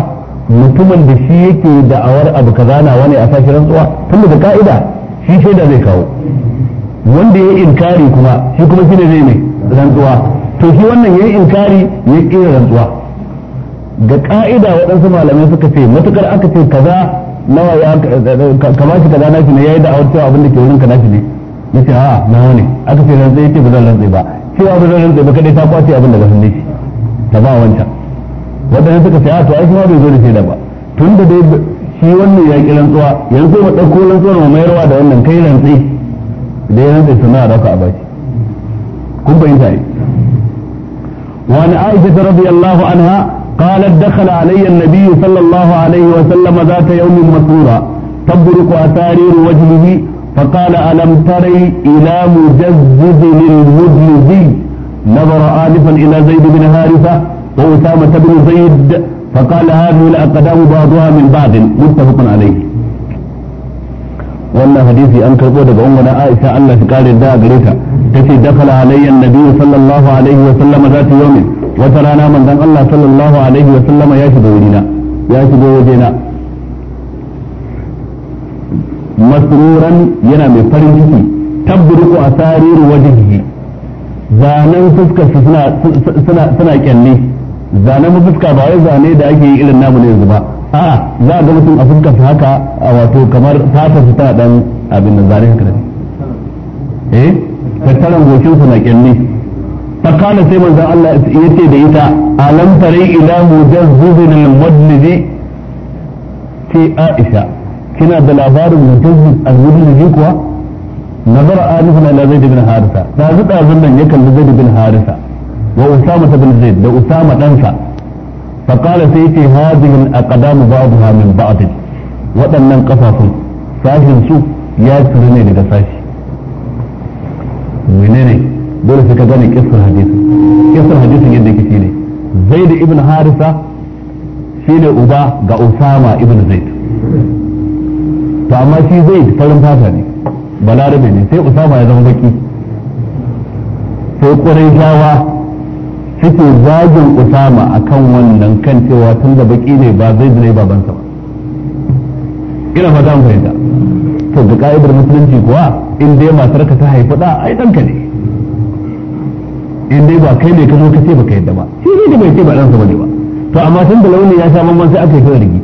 mutumin da shi yake da'awar abu ka zana wani a sashi rantsuwa tun daga ka'ida shi shaida zai kawo wanda ya inkari kuma shi kuma shi ne zai ne rantsuwa to shi wannan yayi inkari ya kira rantsuwa ga ka'ida waɗansu malamai suka ce matukar aka ce kaza nawa ya kama shi kaza nafi ne yayi da cewa abin da ke wurin ka nafi ne ce a nawa ne aka ce rantsa yace ba zan rantsa ba cewa ba zan rantsa ba kadai ta kwace abin da hannun shi ta ba wancan waɗannan suka ce a to ai kuma bai zo da shaida ba tun da dai shi wannan ya ƙi rantsuwa yanzu mu ɗauko rantsuwar mu mayarwa da wannan kai rantsi da ya rantsa sana'a da ka a kun fahimta وعن عائشة رضي الله عنها قالت دخل علي النبي صلى الله عليه وسلم ذات يوم مسرورا تبرق أسارير وجهه فقال ألم تري إلى مجزد للمجلزي نظر آلفا إلى زيد بن هارثة وأسامة بن زيد فقال هذه الأقدام بعضها من بعض متفق عليه wannan hadisi an karbo daga ummuna Aisha Allah ta kare da gare ta تتي دخل علي النبي sallallahu alaihi wa وسلم ذات يوم wata rana manzon Allah sallallahu alaihi wa sallama ya shigo wajena masruran yana mai farin ciki tabruku asariru wajhihi zanen fuskar suna suna suna kyalle zanen fuska ba wai zane da ake yi irin namu ne yanzu ba a'a za ga mutum a fuskar haka a wato kamar fatar su dan abin zane haka eh tattaran goshin su na kyalle fakala sai manzo Allah ya ce da ita alam tare ila mujazzibin al-mudliji ce Aisha kina da labarin mujazzib al-mudliji kuwa nazara anifuna ila zaid bin harisa da zuda zunnan ya kalli zaid bin harisa wa usama bin zaid da usama dansa a سيتي هذه الأقدام بعضها من بعض waɗannan ƙafafun sashin su ya tsiri ne daga sashi menene dole sai ka gane kissar hadisin kissar hadisin yadda yake shine zaid ibn harisa shine uba ga usama ibn zaid to amma shi zaid farin fata ne balarabe ne sai usama ya zama baki sai kurai shawa suke zagin usama akan wannan kan cewa tun da baki ne ba zaid ne babansa ba ina fata an fahimta to ga ka'idar musulunci kuwa in dai matar ka ta haifi da ai danka ne in dai ba kai ne ka zo ka ce baka yadda ba shi ne da bai ce ba dan sa bane ba to amma tun da launi ya sha mamman sai aka yi zargi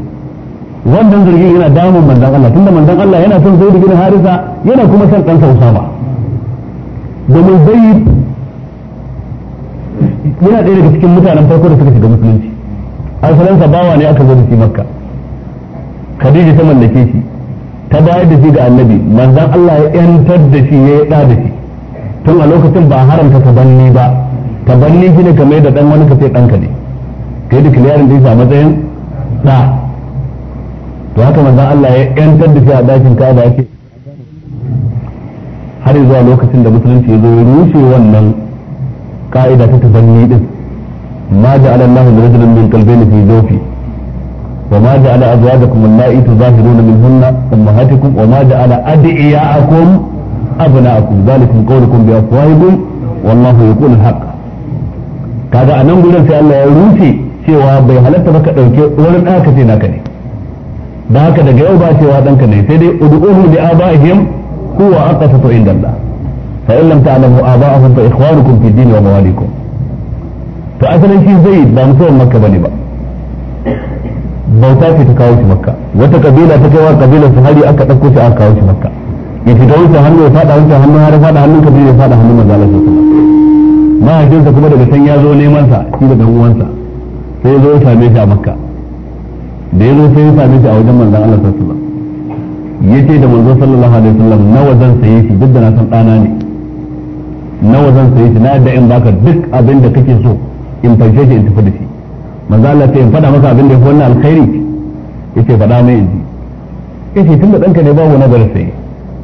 wannan zargin yana damun manzon Allah tunda manzon Allah yana son zai bin harisa yana kuma son kansa usama domin zai yana ɗaya daga cikin mutanen farko da suka shiga musulunci asalinsa bawa ne aka zo da shi makka khadija ta mallake shi ta bayar da shi ga annabi manzan Allah ya yantar da shi ya yi da shi tun a lokacin ba haramta ta banni ba ta shi ne kamar da dan wani ka sai ɗanka ne ka yi declaring din a matsayin da to haka manzan Allah ya yantar da shi a dakin ka da yake har zuwa lokacin da musulunci ya zo ya rushe wannan ka'ida ta banni din ma ja'ala Allahu rajulun min qalbayni fi zawfi وما جعل أزواجكم اللائي تظاهرون منهن أمهاتكم وما جعل أدعياءكم أبناءكم ذلكم قولكم بأفواهكم والله يقول الحق kaga a nan gudan sai Allah ya rufe cewa bai halatta ba ka ɗauke wurin ɗaka ce naka ne da haka daga yau ba cewa ɗanka ne sai dai ud'uhu bi abaihim huwa aqsatu inda Allah fa in ta'lamu aba'ahum fa ikhwanukum fid din wa mawalikum to asalin shi zai ba mutuwan makka bane ba bauta ce ta kawo shi makka wata kabila ta kai wa kabila su hari aka ɗauko shi aka kawo shi makka ya fita wancan hannu ya faɗa wuce hannu har faɗa hannun kabila ya faɗa hannun mazala sai kuma mahaifinsa kuma daga can ya zo neman sa shi da dan uwansa sai ya zo ya same shi a makka da ya zo sai ya same shi a wajen manzan Allah sallallahu alaihi wasallam ce da manzon sallallahu alaihi wasallam nawa zan saye shi duk da na san ɗana ne nawa zan saye shi na yadda in baka duk abin da kake so in fanshe shi in tafi da shi manzo Allah sai ya faɗa masa abin da ya fi wannan alkhairi yace faɗa mai ce yace tunda ɗanka ne babu nazar sai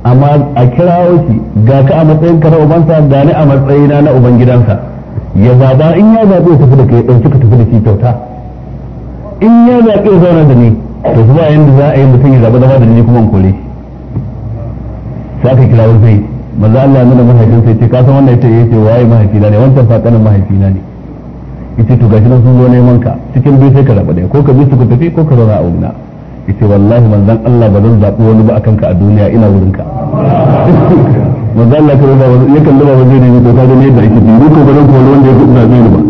amma a kirawo shi ga ka a matsayin ka na ubansa ga ni a matsayina na uban gidansa ya zaba in ya zaɓi ya tafi da kai ɗauki ka tafi da shi kyauta in ya zaɓi ya zauna da ni to zuwa yanda za a yi mutum ya zaɓi zama da ni kuma in kore sai aka kirawo zai manzo Allah ya nuna mahaifinsa ya ce ka san wannan yace eh, yace waye mahaifina ne wancan fakanin mahaifina ne yace to gashi nan sun zo neman ka cikin biyu sai ka zaɓa ɗaya ko ka bi su ku tafi ko ka zauna a wurina yace wallahi manzon Allah ba zan zaɓi wani ba akan ka a duniya ina wurin ka manzon Allah kuma ba ya kalli ba wani ne ko ka ga ne da yake ni ko ba zan kore wanda ya fi zaɓe ni ba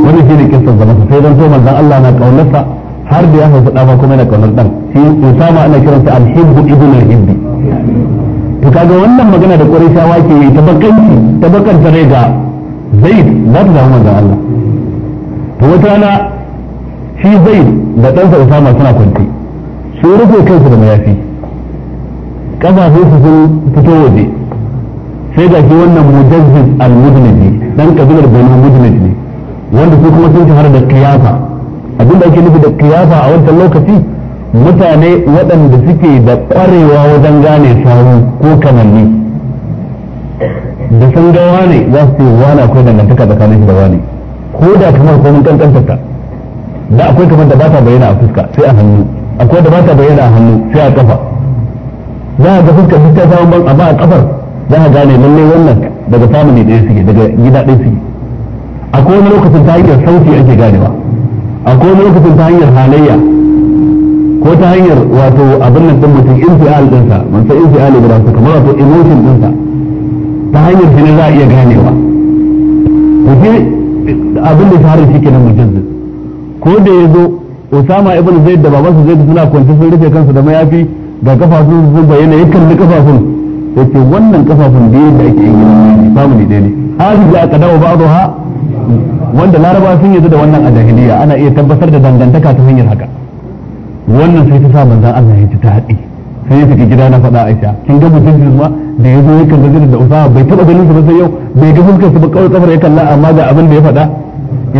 wannan shine kisan zaman sai dan so manzon Allah na kaunarsa har da ya haifi ɗa kuma yana kaunar ɗan shi Usama ana kiran sa hibbu ibn al-hibbi to kaga wannan magana da Qurayshawa ke ta bakanci ta bakanta rai ga Zaid za ta zama manzon Allah to wata na shi zai da ɗansa usama suna kwanci shi rufe kansu da mayafi sai su sun fito waje sai ga shi wannan mujazzin al mujnabi dan kabilar banu mujnabi ne wanda su kuma sun shahara da kiyafa abinda ake nufi da kiyafa a wancan lokaci mutane waɗanda suke da ƙwarewa wajen gane sahu ko kamanni da sun gawa ne za su ce wani akwai dangantaka tsakanin shi da wani ko da kamar komin kankantar ta da akwai kamar da ba ta bayyana a fuska sai a hannu akwai da ba ta bayyana a hannu sai a kafa za a ga fuska duk ta samu ban amma a kafar za a gane lallai wannan daga family ɗaya suke daga gida ɗaya suke akwai wani lokacin ta hanyar sauti ake ganewa akwai wani lokacin ta hanyar halayya ko ta hanyar wato abin nan din mutum infial dinsa man sai infial ibra su kamar wato emotion dinsa ta hanyar shi ne za a iya ganewa to abin da ya fara shi kenan mujaddid ko da ya zo Usama ibn Zaid da babansa Zaid suna kwance sun rufe kansu da mayafi ga kafafun sun bayyana ya kalli kafafun yace wannan kafafun da yadda ake yin gidan family ɗaya ne da aka dawo ba ha wanda laraba sun yi da wannan a jahiliya ana iya tabbatar da dangantaka ta hanyar haka wannan sai ta sa manzan Allah ya ci ta haɗi sai ya fita gida na faɗa Aisha kin ga din ma da ya zo ya kalli da Usama bai taɓa ganin su ba sai yau bai ga fuskar su ba kawai kafar ya kalla amma ga abin da ya faɗa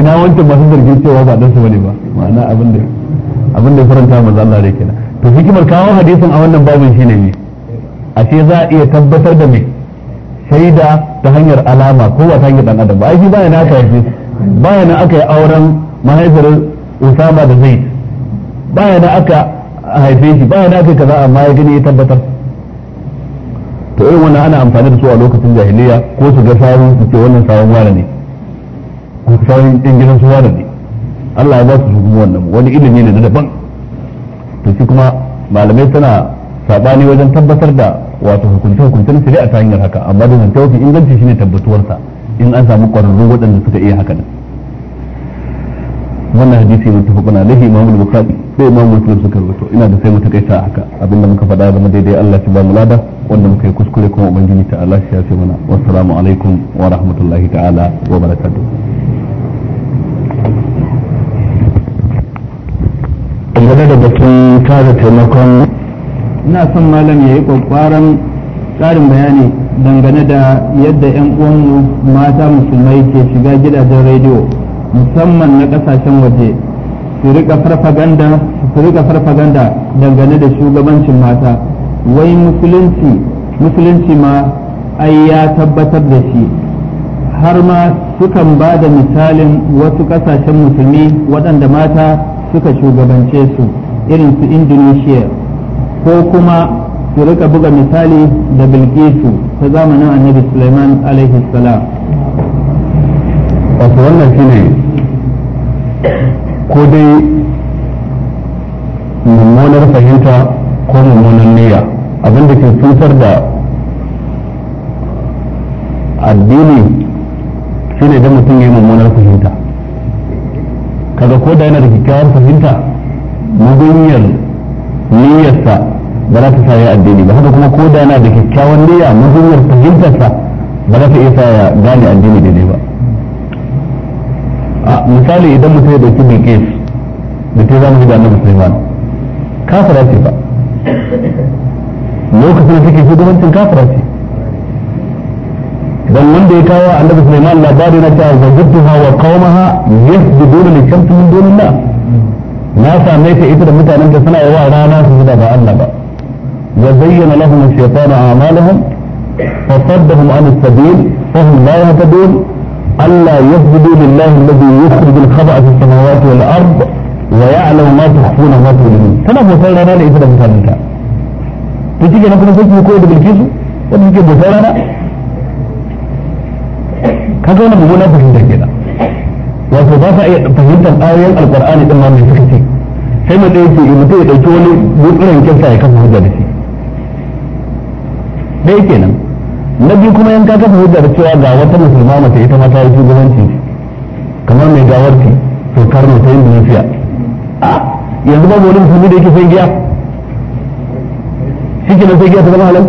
ina wancan masu zargin cewa ba dan su bane ba ma'ana abin da abin da faranta manzo Allah da kenan to hikimar kawo hadisin a wannan babin shine ne ashe za a iya tabbatar da me shaida ta hanyar alama ko ba ta hanyar dan adam ba ai shi ba yana aka yi ba yana aka yi auren mahaifiyar Usama da Zaid ba yana aka haife shi ba yana aka kaza amma ya gani ya tabbatar to irin wannan ana amfani da su a lokacin jahiliya ko su ga sawun su ce wannan sawun wani ne ko shawarin ɗin gidan su wani ne Allah ya ba su kuma wannan wani ilimi ne na daban to shi kuma malamai suna sabani wajen tabbatar da wato hukunce hukuncen shari'a ta hanyar haka amma da zance wafi inganci shine tabbatuwarsa in an samu ƙwararru waɗanda suka iya haka nan wannan hadisi muttafaqun alaihi imam al-bukhari da imam muslim suka rubuto ina da sai mu takaita haka abinda muka faɗa zama daidai Allah ya ba mu lada wanda muka yi kuskure kuma ubangiji ta Allah ya ce mana wassalamu alaikum wa rahmatullahi ta'ala wa barakatuh dangane da batun tara taimakon ina son malam ya yi kwakwaran tsarin bayani dangane da yadda 'yan uwanmu mata musulmai ke shiga gidajen rediyo musamman na kasashen waje su rika farfaganda su dangane da shugabancin mata wai musulunci musulunci ma ai ya tabbatar da shi har ma sukan ba da misalin wasu kasashen musulmi waɗanda mata suka shugabance su irin su indonesia ko kuma su rika buga misali da bilkisu ta zamanin annabi suleiman alaihi wato wannan shine ko dai mummunar fahimta ko mummunar niyya abinda ke cutar da addini shine da mutum ya yi mummunar fahimta kaga ko da yana da kyakkyawar fahimta mugunyar niyyarsa ba za ta sa ya addini ba haka kuma ko da yana da kyakkyawar niyya mugunyar fahimtarsa ba za ta iya sa ya gane addini daidai ba misali idan mutum ya dauki bilkis da ta zama da annabi Sulaiman kafira ce ba lokacin da take shugabancin kafira ce dan wanda ya kawo annabi Sulaiman labari na cewa zawjatuha wa qaumaha yasjuduna li shamsi min dunillah na same ta ita da mutanen da suna yawa rana su da ba Allah ba wa zayyana lahum ash-shaytanu a'malahum fa saddahum an as-sabil fa hum la yahtadun ألا يسجدوا لله الذي يخرج الخبأ في السماوات والأرض ويعلم ما تخفون وما تعلنون كما هو سيرا لا ليس له مثال تتيجي نكون سيكون كويس بالكيسو wanda suke bautar rana ka ga wannan mummunan fahimtar kenan wato ba sa iya fahimtar ayoyin alkur'ani din ma mai fuskaci sai mu ɗaya ce mutum ya ɗauki wani gutsunan kinsa ya kafa hujja da shi ɗaya kenan na biyu kuma yan kaka hujjar cewa ga wata musulma mace ita ma ta yi shugabanci kamar mai gawarci saukar mai ta indonesia a yanzu babu wani musulmi da yake sai giya shi ke sai giya ta zama halal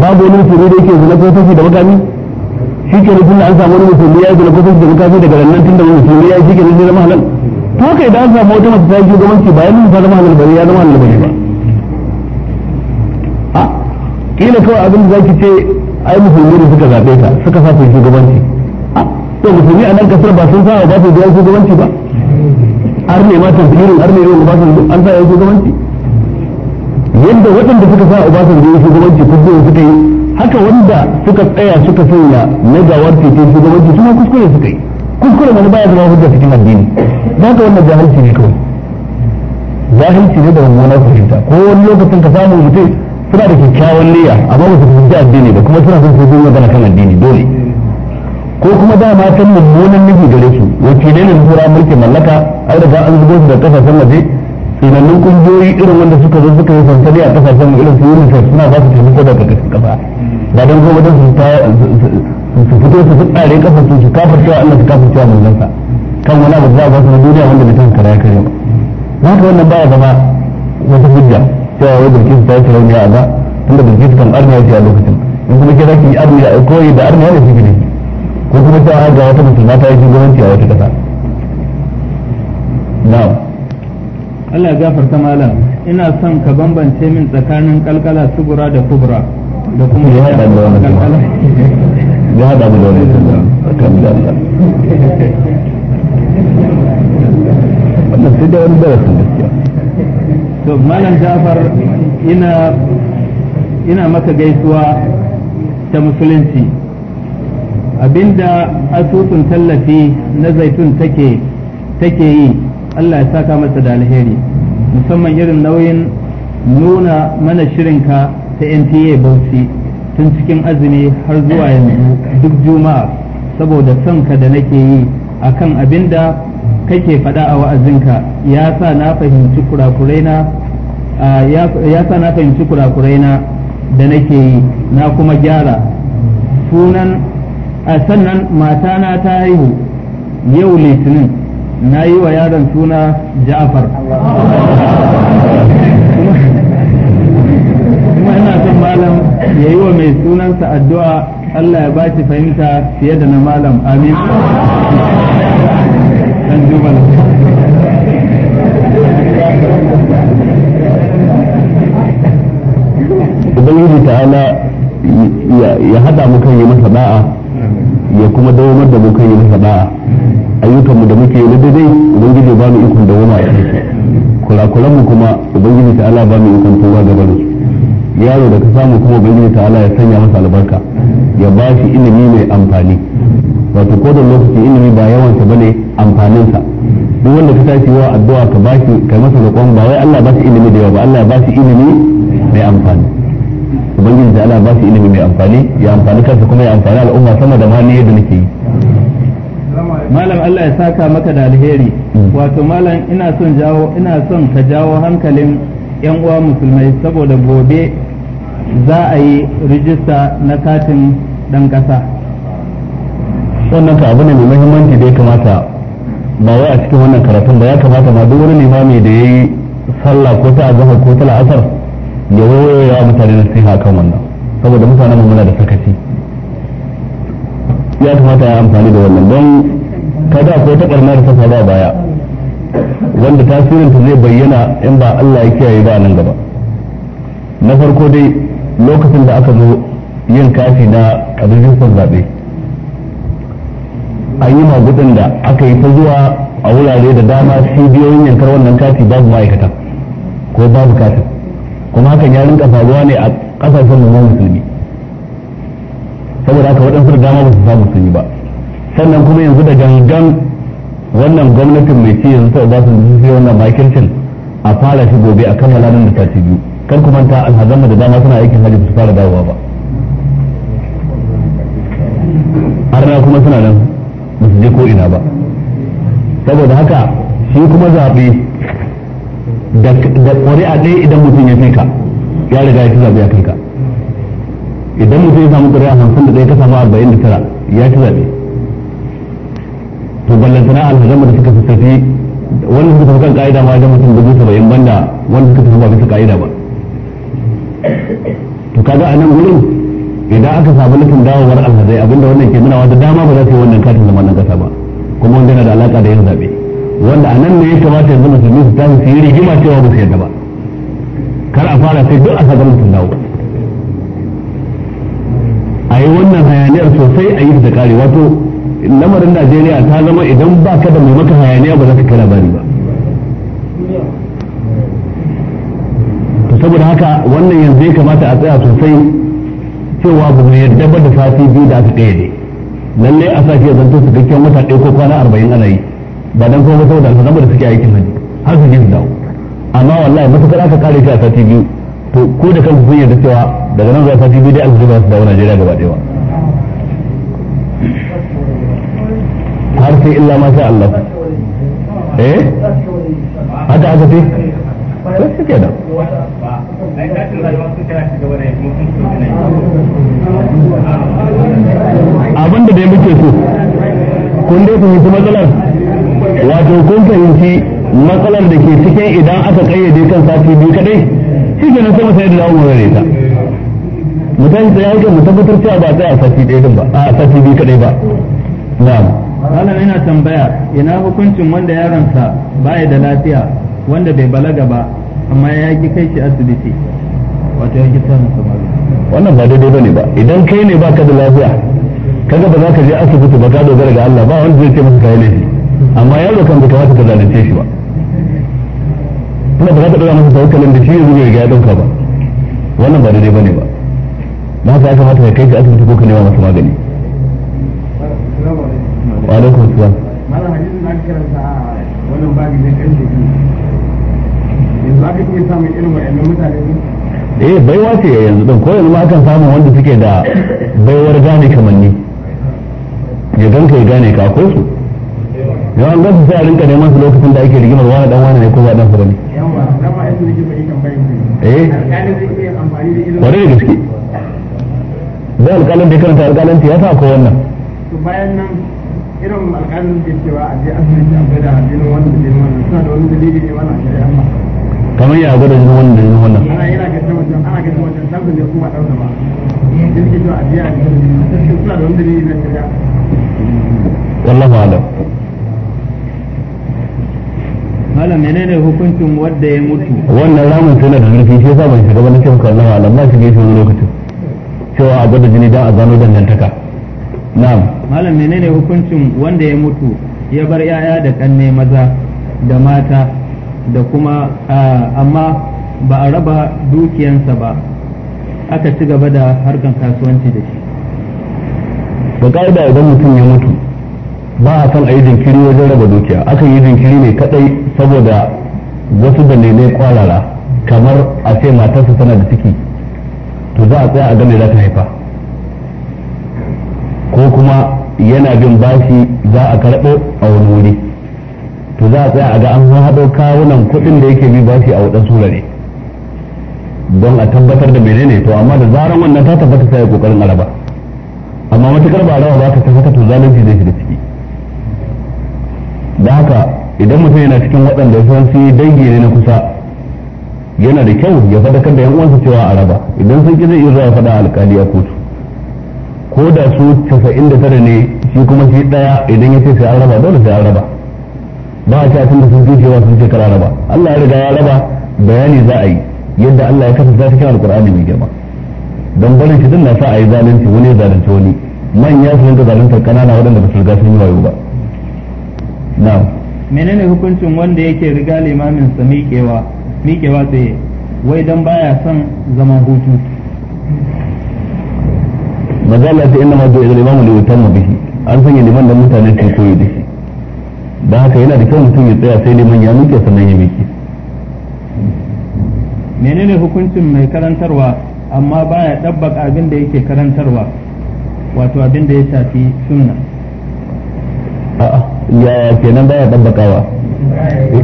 babu wani musulmi da yake zuna ko tafi da makami shi ke tun da an samu wani musulmi ya yi zuna ko tafi da makami daga nan tun da wani musulmi ya yi shi ke zama halal to kai da an samu wata mace ta yi shugabanci ba yanzu ta zama halal bari ya zama halal bari ba kila kawai abin da zaki ce ai musulmi ne suka zabe ka suka sa su shugabanci to musulmi a nan kasar ba sun sa ba su biyan shugabanci ba har ne ma tafsirin har ne ne ba su an sa yau shugabanci Yanda waɗanda suka sa ubasan biyan shugabanci kudu suka yi haka wanda suka tsaya suka sanya na gawar tete shugabanci su kuskure suka yi kuskure wani baya zama hujja cikin addini ba ka wannan jahilci ne kawai jahilci ne da mummunar fahimta ko wani lokacin ka samu mutum suna da kyakkyawan niyya amma ba su fahimci addini ba kuma suna son su zo magana kan addini dole ko kuma da ma san mummunan nufi gare su wacce ne tura mulkin mallaka da ba an zubo su da kasashen waje tsinannun kungiyoyi irin wanda suka zo suka yi sansani a kasashen irin su yunin suna ba su taimako da daga kafa ba don kuma wajen su fito su fi tsare kafa su su kafa cewa Allah su kafa cewa manzansa kan wani abu da za a ba su na duniya wanda bai kara ya kare ba ka wannan baya zama wata hujja cewa wai bilkis ta yi rauni a da tunda bilkis kan arniya ce a lokacin in kuma ke zaki arna a koyi da arniya da sigiri ko kuma ta ga wata musulma ta yi shugabanci a wata kasa na'am Allah ya gafarta malam ina son ka bambance min tsakanin kalkala sugura da kubura da kuma ya hada da wani kalkala ya hada da wani kalkala wannan sai da wani darasin gaskiya to malam jafar ina ina maka gaisuwa ta musulunci abinda asusun tallafi na zaitun take take yi Allah ya saka masa da alheri musamman irin nauyin nuna mana shirin ka ta NTA Bauchi tun cikin azumi har zuwa yanzu duk juma'a saboda son ka da nake yi akan abinda kake faɗa a wa'azinka ya sa na fahimci kurakurai na ya sa na fahimci kurakurai da nake yi na kuma gyara sunan a sannan na ta haihu yau litinin na yi wa yaron suna ja'afar kuma ina son malam ya yi wa mai sunansa addu'a Allah ya ba shi fahimta fiye da na malam amin ubangiji ta'ala ya hada mu kan yi masa da'a ya kuma dawamar da mu kan yi masa da'a ayyukanmu da muke yi na daidai ubangiji ba mu ikon dawoma a kansu kurakuranmu kuma ubangiji ta'ala ba mu ikon tuba gaba da su yaro da ka samu kuma ubangiji ta'ala ya sanya masa albarka ya ba shi ilimi mai amfani wato ko da lokaci ilimi ba yawan ta bane amfanin sa duk wanda ka tashi wa addu'a ka bashi ka masa roƙon ba wai Allah ba shi ilimi da yawa ba Allah ba shi ilimi mai amfani ubangiji da Allah ba shi ilimi mai amfani ya amfani kansa kuma ya amfani al'umma sama da ma yadda nake yi malam Allah ya saka maka da alheri mm. wato malam ina son jawo ina son ka jawo hankalin yan uwa musulmai saboda gobe za a yi rijista na katin dan kasa wannan ka abu ne mai muhimmanci da ya kamata ba wai a cikin wannan karatun ba ya kamata ma duk wani limami da ya yi sallah ko ta azhar ko ta la'asar ya wayewa mutane nasiha kan wannan saboda mutanen mu muna da sakaci ya kamata ya amfani da wannan don kada ko ta barna da safa ba baya wanda tasirin ta zai bayyana in ba Allah ya kiyaye ba nan gaba na farko dai lokacin da aka zo yin kafi na abin zaɓe an yi magudin da aka yi ta zuwa a wurare da dama cibiyoyin yankar wannan kati babu ma'aikata ko babu katin kuma hakan ya rinka faruwa ne a kasashen mu musulmi saboda haka waɗansu da dama ba su samu sun yi ba sannan kuma yanzu da gangan wannan gwamnatin mai ci yanzu ta ba su sai wannan makircin a fara shi gobe a kammala nan da sati biyu kan kuma ta alhazama da dama suna aikin hajji su fara dawowa ba har na kuma suna nan je ko ina ba saboda haka shi kuma zaɓe da ƙuri'a ɗaya idan mutum ya fi ka ya riga ya ci zaɓe a kai ka idan mutum ya samu a hamsin da ɗaya ka samu arba'in da tara ya ci zaɓe to ballantana alhazama da suka fi tafi wanda suka tafi kan ka'ida ma da mutum dubu saba'in banda wanda suka tafi ba bisa ka'ida ba to kaga a nan wurin idan aka samu nufin dawowar alhazai abinda wannan ke nuna wata dama ba za su yi wannan katin zaman nan kasa ba kuma wanda yana da alaka da yin zabe wanda a nan ne ya kamata yanzu musulmi su tafi su yi rigima cewa ba su yadda ba kar a fara sai duk a saka mutum dawo a yi wannan hayaniyar sosai a yi da kare wato lamarin najeriya ta zama idan ba ka da mai maka hayaniya ba za ka kai labari ba to saboda haka wannan yanzu ya kamata a tsaya sosai cewa ba ne yarda ba da sati biyu da aka kayyade lallai a sashi ya zanto cikakken wata ɗaya ko kwana arba'in ana yi ba dan kuma saboda zama da suke aikin hajji har su je su dawo amma wallahi matukar aka kare shi a sati biyu to ko da kanku kun yarda cewa daga nan zuwa sati biyu dai aka zuba su dawo Najeriya gaba ɗaya har sai illa ma sha Allah eh hada aka fi sai suke da Ah, abinda da ya muke so kun dai fahimci matsalar wato kun fahimci matsalar da ke cikin idan aka kayyade kan sati biyu kadai shi ke nan sai sai da dawo gare ta mutane tsaye haka mu tabbatar cewa ba sai a sati ɗaya din ba a sati biyu kadai ba na'am malam yana tambaya ina hukuncin wanda yaronsa baya da lafiya wanda bai balaga ba amma ya ki kai shi asibiti wato ya ki samun samari wannan ba daidai bane ba idan kai ne baka da lafiya kaga ba za ka je asibiti ba ka dogara ga Allah ba wanda zai ce maka kai ne amma yaro kan ba kamata ka zalunce shi ba kuma ba za ka dora masa tawakkalin da shi yanzu ya ga ya dauka ba wannan ba daidai bane ba ba haka ya kamata ka kai shi asibiti ko ka nema masa magani wa alaikum assalam malam hadisin da aka karanta a wannan babi na kan za ka eh, baiwa ce yanzu din koyar ma akan samun wanda suke da baiwar gane kamanni ya ka ya gane ka ko su yawan su sai a rinka neman su lokacin da ake rigimar wani dan wani ne ko ba dan su bane eh kwarai da gaske zai alƙalin da ya karanta alƙalin ta ya sa ko wannan bayan nan irin kamar ya gwada jinin wannan da jinin wannan wallahu alam malam menene hukuncin wanda ya mutu wannan ramin tana da zurfi shi sa ban shiga ba nake maka wallahu alam ba shi ne shi lokacin cewa a gwada jini da a gano dangantaka na'am malam menene hukuncin wanda ya mutu ya bar yaya da kanne maza da mata da kuma amma ba a raba dukiyansa ba aka ci gaba da harkar kasuwanci da shi ba da idan mutum ya mutu ba a san a yi jinkiri wajen raba dukiya aka yi jinkiri ne kadai saboda wasu da dalilai kwalara kamar a ce matarsa tana da ciki to za a tsaya a gane za ta haifa ko kuma yana bin bashi za a karɓo a wani wuri to za a tsaya a ga an haɗo kawunan kuɗin da yake bi bashi a waɗansu ne don a tabbatar da menene to amma da zaran wannan ta tabbata sai kokarin araba amma matukar ba rawa ba ta tabbata to zalunci zai shiga ciki da haka idan mutum yana cikin waɗanda sun dangi ne na kusa yana da kyau ya faɗakar da yan uwansa cewa araba idan sun ki zai iya zuwa faɗa alƙali a kotu ko da su casa'in da tara ne shi kuma shi ɗaya idan ya ce sai an raba dole sai an raba ba a a tunda sun jefewa sun ce kara raba Allah ya riga ya raba bayani za a yi yadda Allah ya kasa za ta cikin alkur'ani mai girma don barin shi din na sa a yi zalunci wani ya zalunci wani manya su yanka zaluntar kanana waɗanda ba su riga sun yi wayo ba na'am menene hukuncin wanda yake riga limamin sa miƙewa miƙewa tsaye wai dan baya son zaman hutu mazala ta inna ma da imamu li yutamma bihi an sanya liman da mutane su koyi da shi da haka yana da kyau mutum ya tsaya sai neman ya miƙe sannan ya miƙe menene hukuncin mai karantarwa amma ba ya ɗabbaƙa abin da yake karantarwa wato abin da ya shafi sunna a'a yaya ba ya ɗabbaƙawa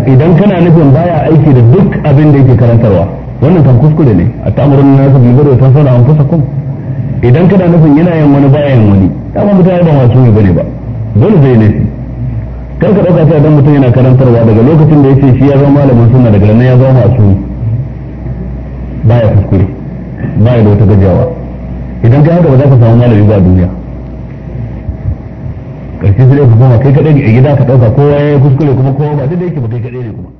idan kana nufin ba ya aiki da duk abin da yake karantarwa wannan kan kuskure ne a ta'amurin nasu bilbar da tan sauna an kusa kun idan kana nufin yana yin wani baya yin wani dama mutane ba masu yi bane ba dole zai nufi. kar ka dauka cewa dan mutum yana karantarwa daga lokacin da ya ce shi ya zama malamin suna daga nan ya zama masu baya kuskure baya da wata gajawa idan ka haka ba za ka samu malami ba a duniya karshe sai ka koma kai kadai a gida ka dauka kowa ya kuskure kuma kowa ba duk da yake ba kai kadai ne kuma